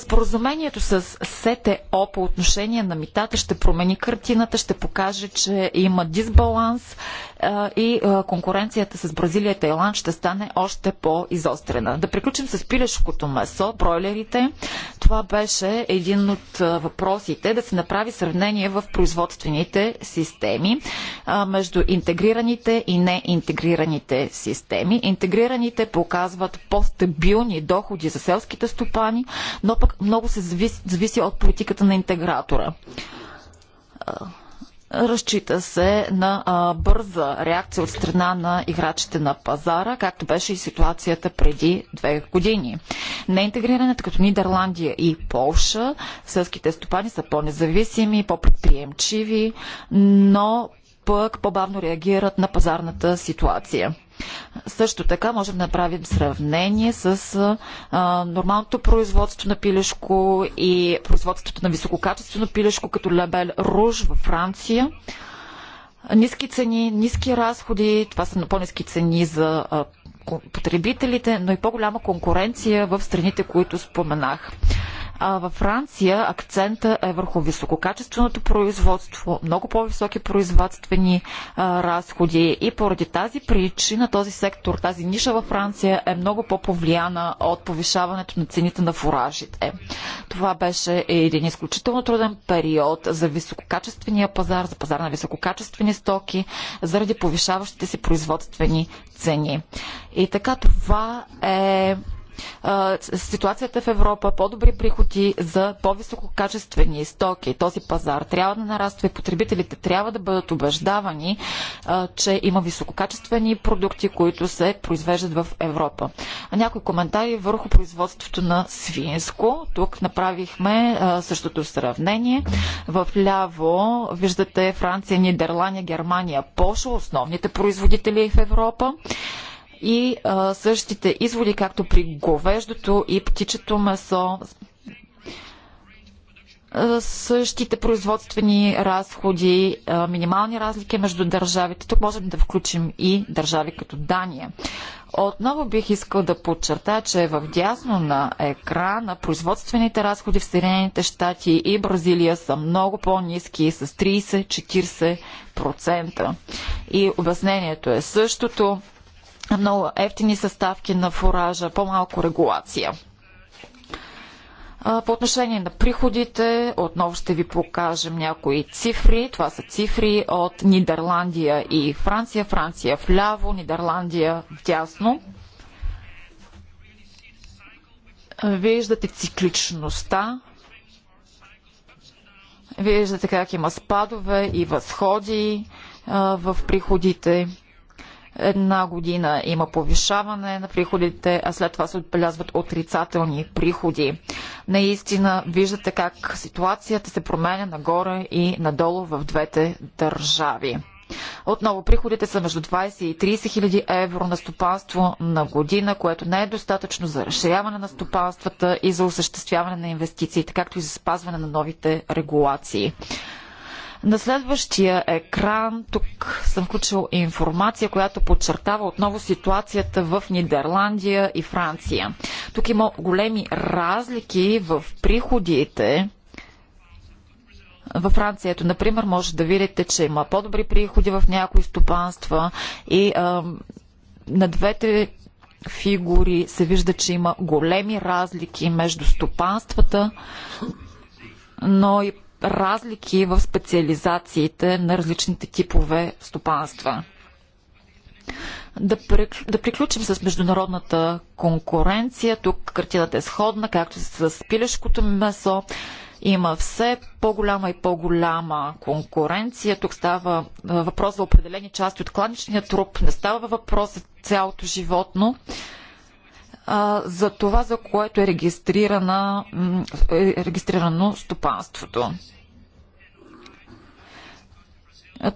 Споразумението с СТО по отношение на митата ще промени картината, ще покаже, че има дисбаланс и конкуренцията с Бразилия и Тайланд ще стане още по-изострена. Да приключим с пилешкото месо, бройлерите. Това беше един от въпросите да се направи сравнение в производствените системи между интегрираните и неинтегрираните системи. Интегрираните показват по-стабилни доходи за селските стопани, но пък много се зависи, зависи от политиката на интегратора Разчита се на а, бърза реакция от страна на играчите на пазара, както беше и ситуацията преди две години. Неинтегрирането като Нидерландия и Полша, селските стопани са по-независими, по-предприемчиви, но пък по-бавно реагират на пазарната ситуация. Също така можем да направим сравнение с а, нормалното производство на пилешко и производството на висококачествено пилешко като лебел Руж във Франция. Ниски цени, ниски разходи, това са по-низки цени за а, потребителите, но и по-голяма конкуренция в страните, които споменах. А във Франция акцента е върху висококачественото производство, много по-високи производствени а, разходи и поради тази причина този сектор, тази ниша във Франция е много по-повлияна от повишаването на цените на фуражите. Това беше един изключително труден период за висококачествения пазар, за пазар на висококачествени стоки, заради повишаващите се производствени цени. И така това е ситуацията в Европа, по-добри приходи за по-висококачествени стоки. Този пазар трябва да нараства и потребителите трябва да бъдат убеждавани, че има висококачествени продукти, които се произвеждат в Европа. Някои коментари върху производството на свинско. Тук направихме същото сравнение. В ляво виждате Франция, Нидерландия, Германия, Польша, основните производители в Европа и а, същите изводи, както при говеждото и птичето месо, същите производствени разходи, минимални разлики между държавите. Тук можем да включим и държави като Дания. Отново бих искал да подчертая, че е в дясно на екрана производствените разходи в Съединените щати и Бразилия са много по-низки с 30-40%. И обяснението е същото много ефтини съставки на фуража, по-малко регулация. По отношение на приходите, отново ще ви покажем някои цифри. Това са цифри от Нидерландия и Франция. Франция вляво, Нидерландия вдясно. Виждате цикличността. Виждате как има спадове и възходи в приходите. Една година има повишаване на приходите, а след това се отбелязват отрицателни приходи. Наистина виждате как ситуацията се променя нагоре и надолу в двете държави. Отново, приходите са между 20 и 30 хиляди евро на стопанство на година, което не е достатъчно за разширяване на стопанствата и за осъществяване на инвестициите, както и за спазване на новите регулации. На следващия екран тук съм включил информация, която подчертава отново ситуацията в Нидерландия и Франция. Тук има големи разлики в приходите във Франция, ето, например, може да видите, че има по-добри приходи в някои стопанства и а, на двете фигури се вижда, че има големи разлики между стопанствата, но и разлики в специализациите на различните типове стопанства. Да, приключим с международната конкуренция. Тук картината е сходна, както с пилешкото месо. Има все по-голяма и по-голяма конкуренция. Тук става въпрос за определени части от кланичния труп. Не става въпрос за цялото животно за това, за което е, регистрирана, е регистрирано стопанството.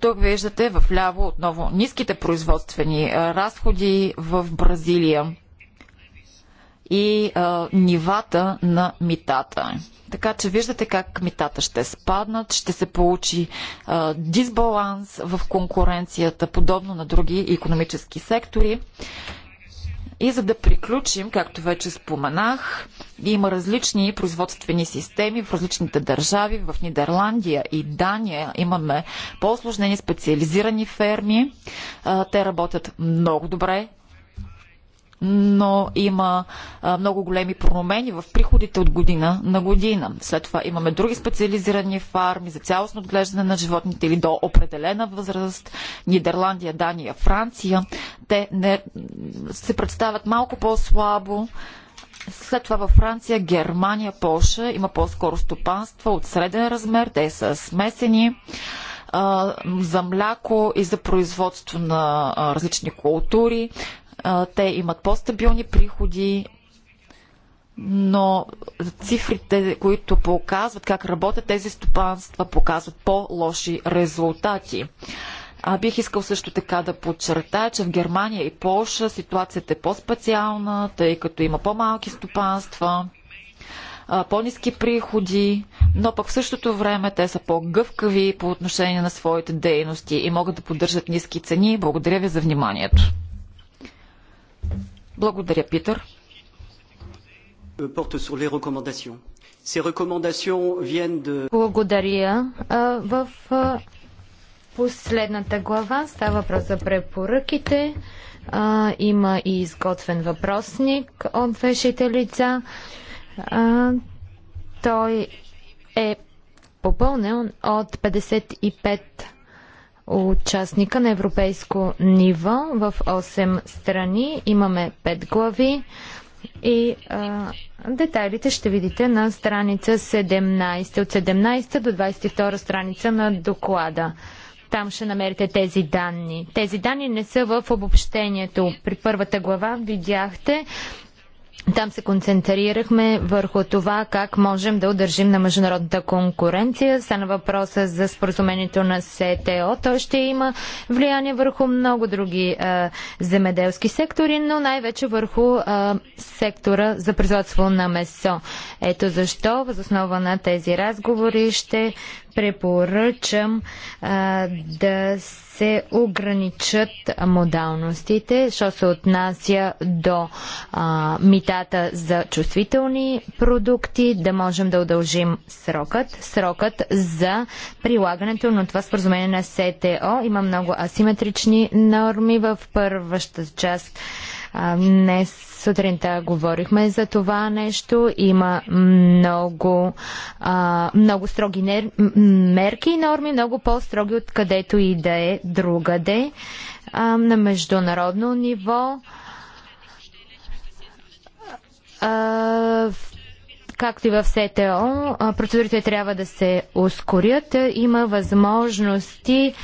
Тук виждате в ляво отново ниските производствени разходи в Бразилия и а, нивата на митата. Така че виждате как митата ще спаднат, ще се получи а, дисбаланс в конкуренцията, подобно на други економически сектори. И за да приключим, както вече споменах, има различни производствени системи в различните държави. В Нидерландия и Дания имаме по-осложнени специализирани ферми. Те работят много добре, но има а, много големи промени в приходите от година на година. След това имаме други специализирани фарми за цялостно отглеждане на животните или до определена възраст. Нидерландия, Дания, Франция. Те не, се представят малко по-слабо. След това във Франция, Германия, Полша има по-скоро стопанства от среден размер. Те са смесени за мляко и за производство на различни култури. Те имат по-стабилни приходи, но цифрите, които показват как работят тези стопанства, показват по-лоши резултати. А бих искал също така да подчертая, че в Германия и Полша ситуацията е по-специална, тъй като има по-малки стопанства, по-низки приходи, но пък в същото време те са по-гъвкави по отношение на своите дейности и могат да поддържат ниски цени. Благодаря ви за вниманието. Благодаря, Питър. Благодаря. В последната глава става въпрос за препоръките. Има и изготвен въпросник от вешите лица. Той е попълнен от 55 участника на европейско ниво в 8 страни. Имаме 5 глави и а, детайлите ще видите на страница 17, от 17 до 22 страница на доклада. Там ще намерите тези данни. Тези данни не са в обобщението. При първата глава видяхте там се концентрирахме върху това как можем да удържим на международната конкуренция. Стана въпроса за споразумението на СТО. То ще има влияние върху много други а, е, земеделски сектори, но най-вече върху а, е, сектора за производство на месо. Ето защо, възоснова на тези разговори, ще препоръчам а, е, да се се ограничат модалностите, що се отнася до а, митата за чувствителни продукти, да можем да удължим срокът. Срокът за прилагането на това споразумение на СТО има много асиметрични норми в първаща част Днес сутринта говорихме за това нещо. Има много, а, много строги нер... мерки и норми, много по-строги от където и да е другаде а, на международно ниво. А, в Както и в СТО, процедурите трябва да се ускорят. Има възможности,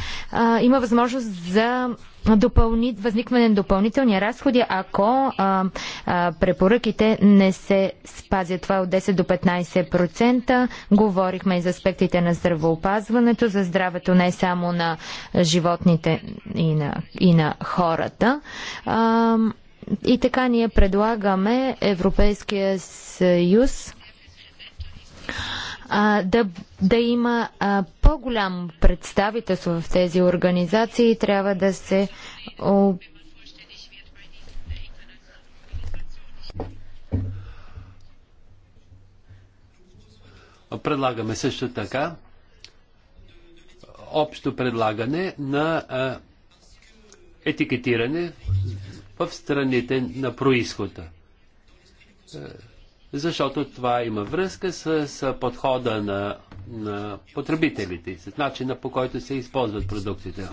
има възможност за допълни, възникване на допълнителни разходи, ако а, а, препоръките не се спазят. Това е от 10 до 15%. Говорихме и за аспектите на здравоопазването, за здравето не само на животните и на, и на хората. А, и така ние предлагаме Европейския съюз да, да има по-голям представителство в тези организации трябва да се Предлагаме също така общо предлагане на а, етикетиране в страните на происхода защото това има връзка с подхода на, на потребителите, с начина по който се използват продуктите.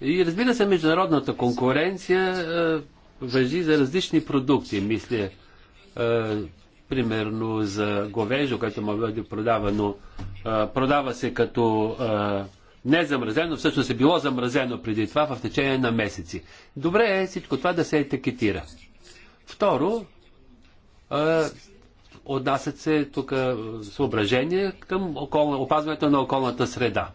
И разбира се, международната конкуренция е, въжи за различни продукти, мисля. Е, примерно за говежо, което може да продава, но е, продава се като е, незамразено, всъщност е било замразено преди това в течение на месеци. Добре е всичко това да се етикетира. Второ, отнасят се тук съображения към околна, опазването на околната среда.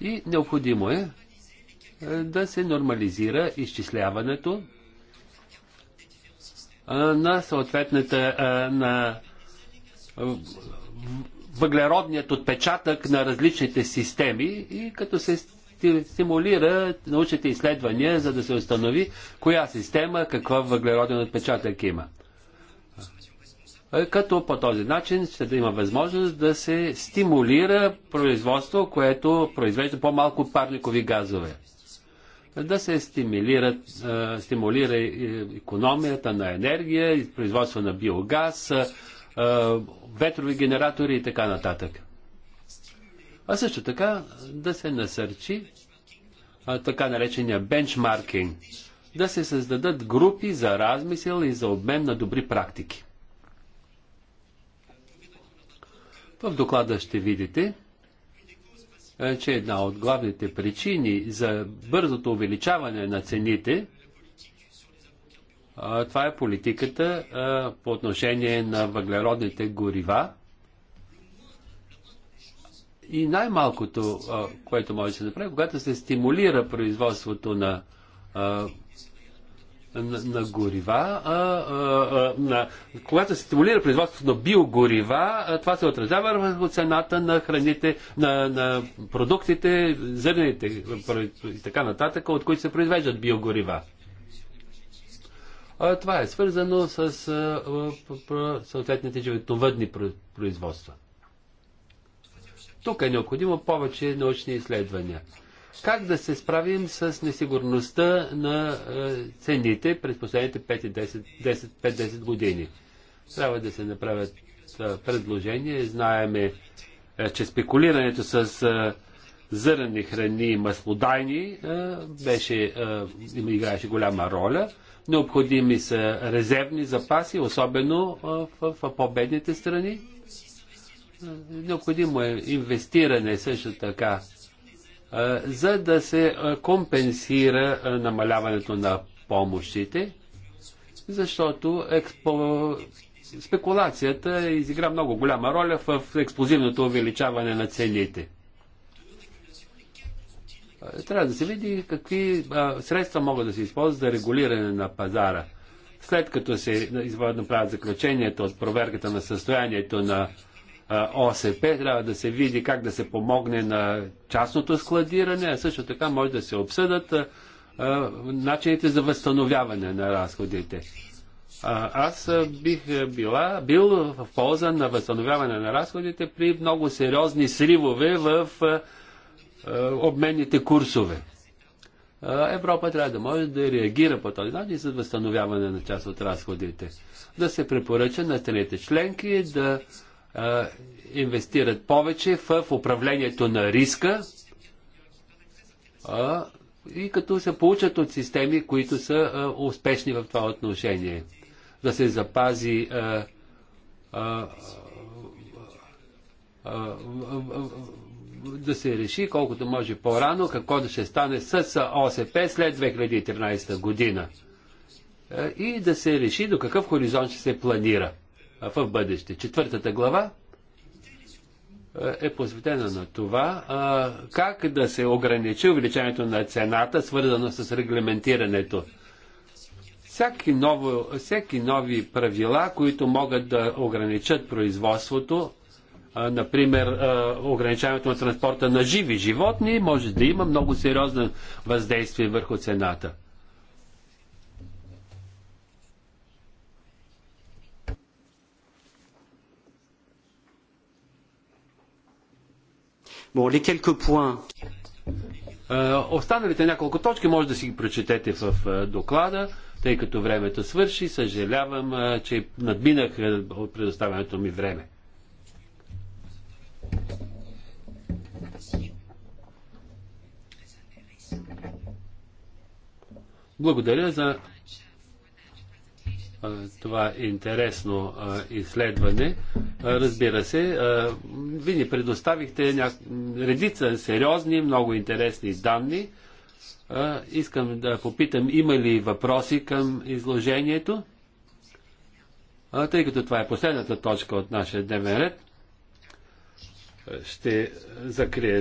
И необходимо е да се нормализира изчисляването на съответната на въглеродният отпечатък на различните системи и като се стимулира научните изследвания, за да се установи коя система, каква въглероден отпечатък има. Като по този начин ще да има възможност да се стимулира производство, което произвежда по-малко парникови газове. Да се стимулира, стимулира економията на енергия, производство на биогаз, ветрови генератори и така нататък а също така да се насърчи а, така наречения бенчмаркинг, да се създадат групи за размисъл и за обмен на добри практики. В доклада ще видите, че една от главните причини за бързото увеличаване на цените, това е политиката по отношение на въглеродните горива и най-малкото, което може да се направи, когато се стимулира производството на, на, на горива, на, когато се стимулира производството на биогорива, това се отразява върху цената на храните, на, на продуктите, зърнените и така нататък, от които се произвеждат биогорива. Това е свързано с съответните животновъдни производства. Тук е необходимо повече научни изследвания. Как да се справим с несигурността на е, цените през последните 5-10 години? Трябва да се направят е, предложения. Знаеме, е, че спекулирането с зърнени храни и маслодайни беше, играеше голяма роля. Необходими са резервни запаси, особено в, в по-бедните страни. Необходимо е инвестиране също така, за да се компенсира намаляването на помощите, защото експо... спекулацията изигра много голяма роля в експлозивното увеличаване на цените трябва да се види какви средства могат да се използват за регулиране на пазара. След като се направят заключенията от проверката на състоянието на ОСП, трябва да се види как да се помогне на частното складиране, а също така може да се обсъдат начините за възстановяване на разходите. Аз бих била, бил в полза на възстановяване на разходите при много сериозни сривове в обменните курсове. Европа трябва да може да реагира по този начин за възстановяване на част от разходите. Да се препоръча на страните членки да инвестират повече в управлението на риска и като се получат от системи, които са успешни в това отношение. Да се запази да се реши колкото може по-рано какво да ще стане с ОСП след 2013 година и да се реши до какъв хоризонт ще се планира в бъдеще. Четвъртата глава е, е посветена на това а, как да се ограничи увеличението на цената, свързано с регламентирането. Всяки, ново, всеки нови правила, които могат да ограничат производството, а, например а, ограничаването на транспорта на живи животни, може да има много сериозно въздействие върху цената. Bon, les quelques points. Е, останалите няколко точки може да си ги прочетете в е, доклада, тъй като времето свърши. Съжалявам, е, че надминах от предоставянето ми време. Благодаря за това интересно изследване. Разбира се, ви ни предоставихте ня... редица сериозни, много интересни данни. Искам да попитам, има ли въпроси към изложението? Тъй като това е последната точка от нашия дневен ред, ще закрия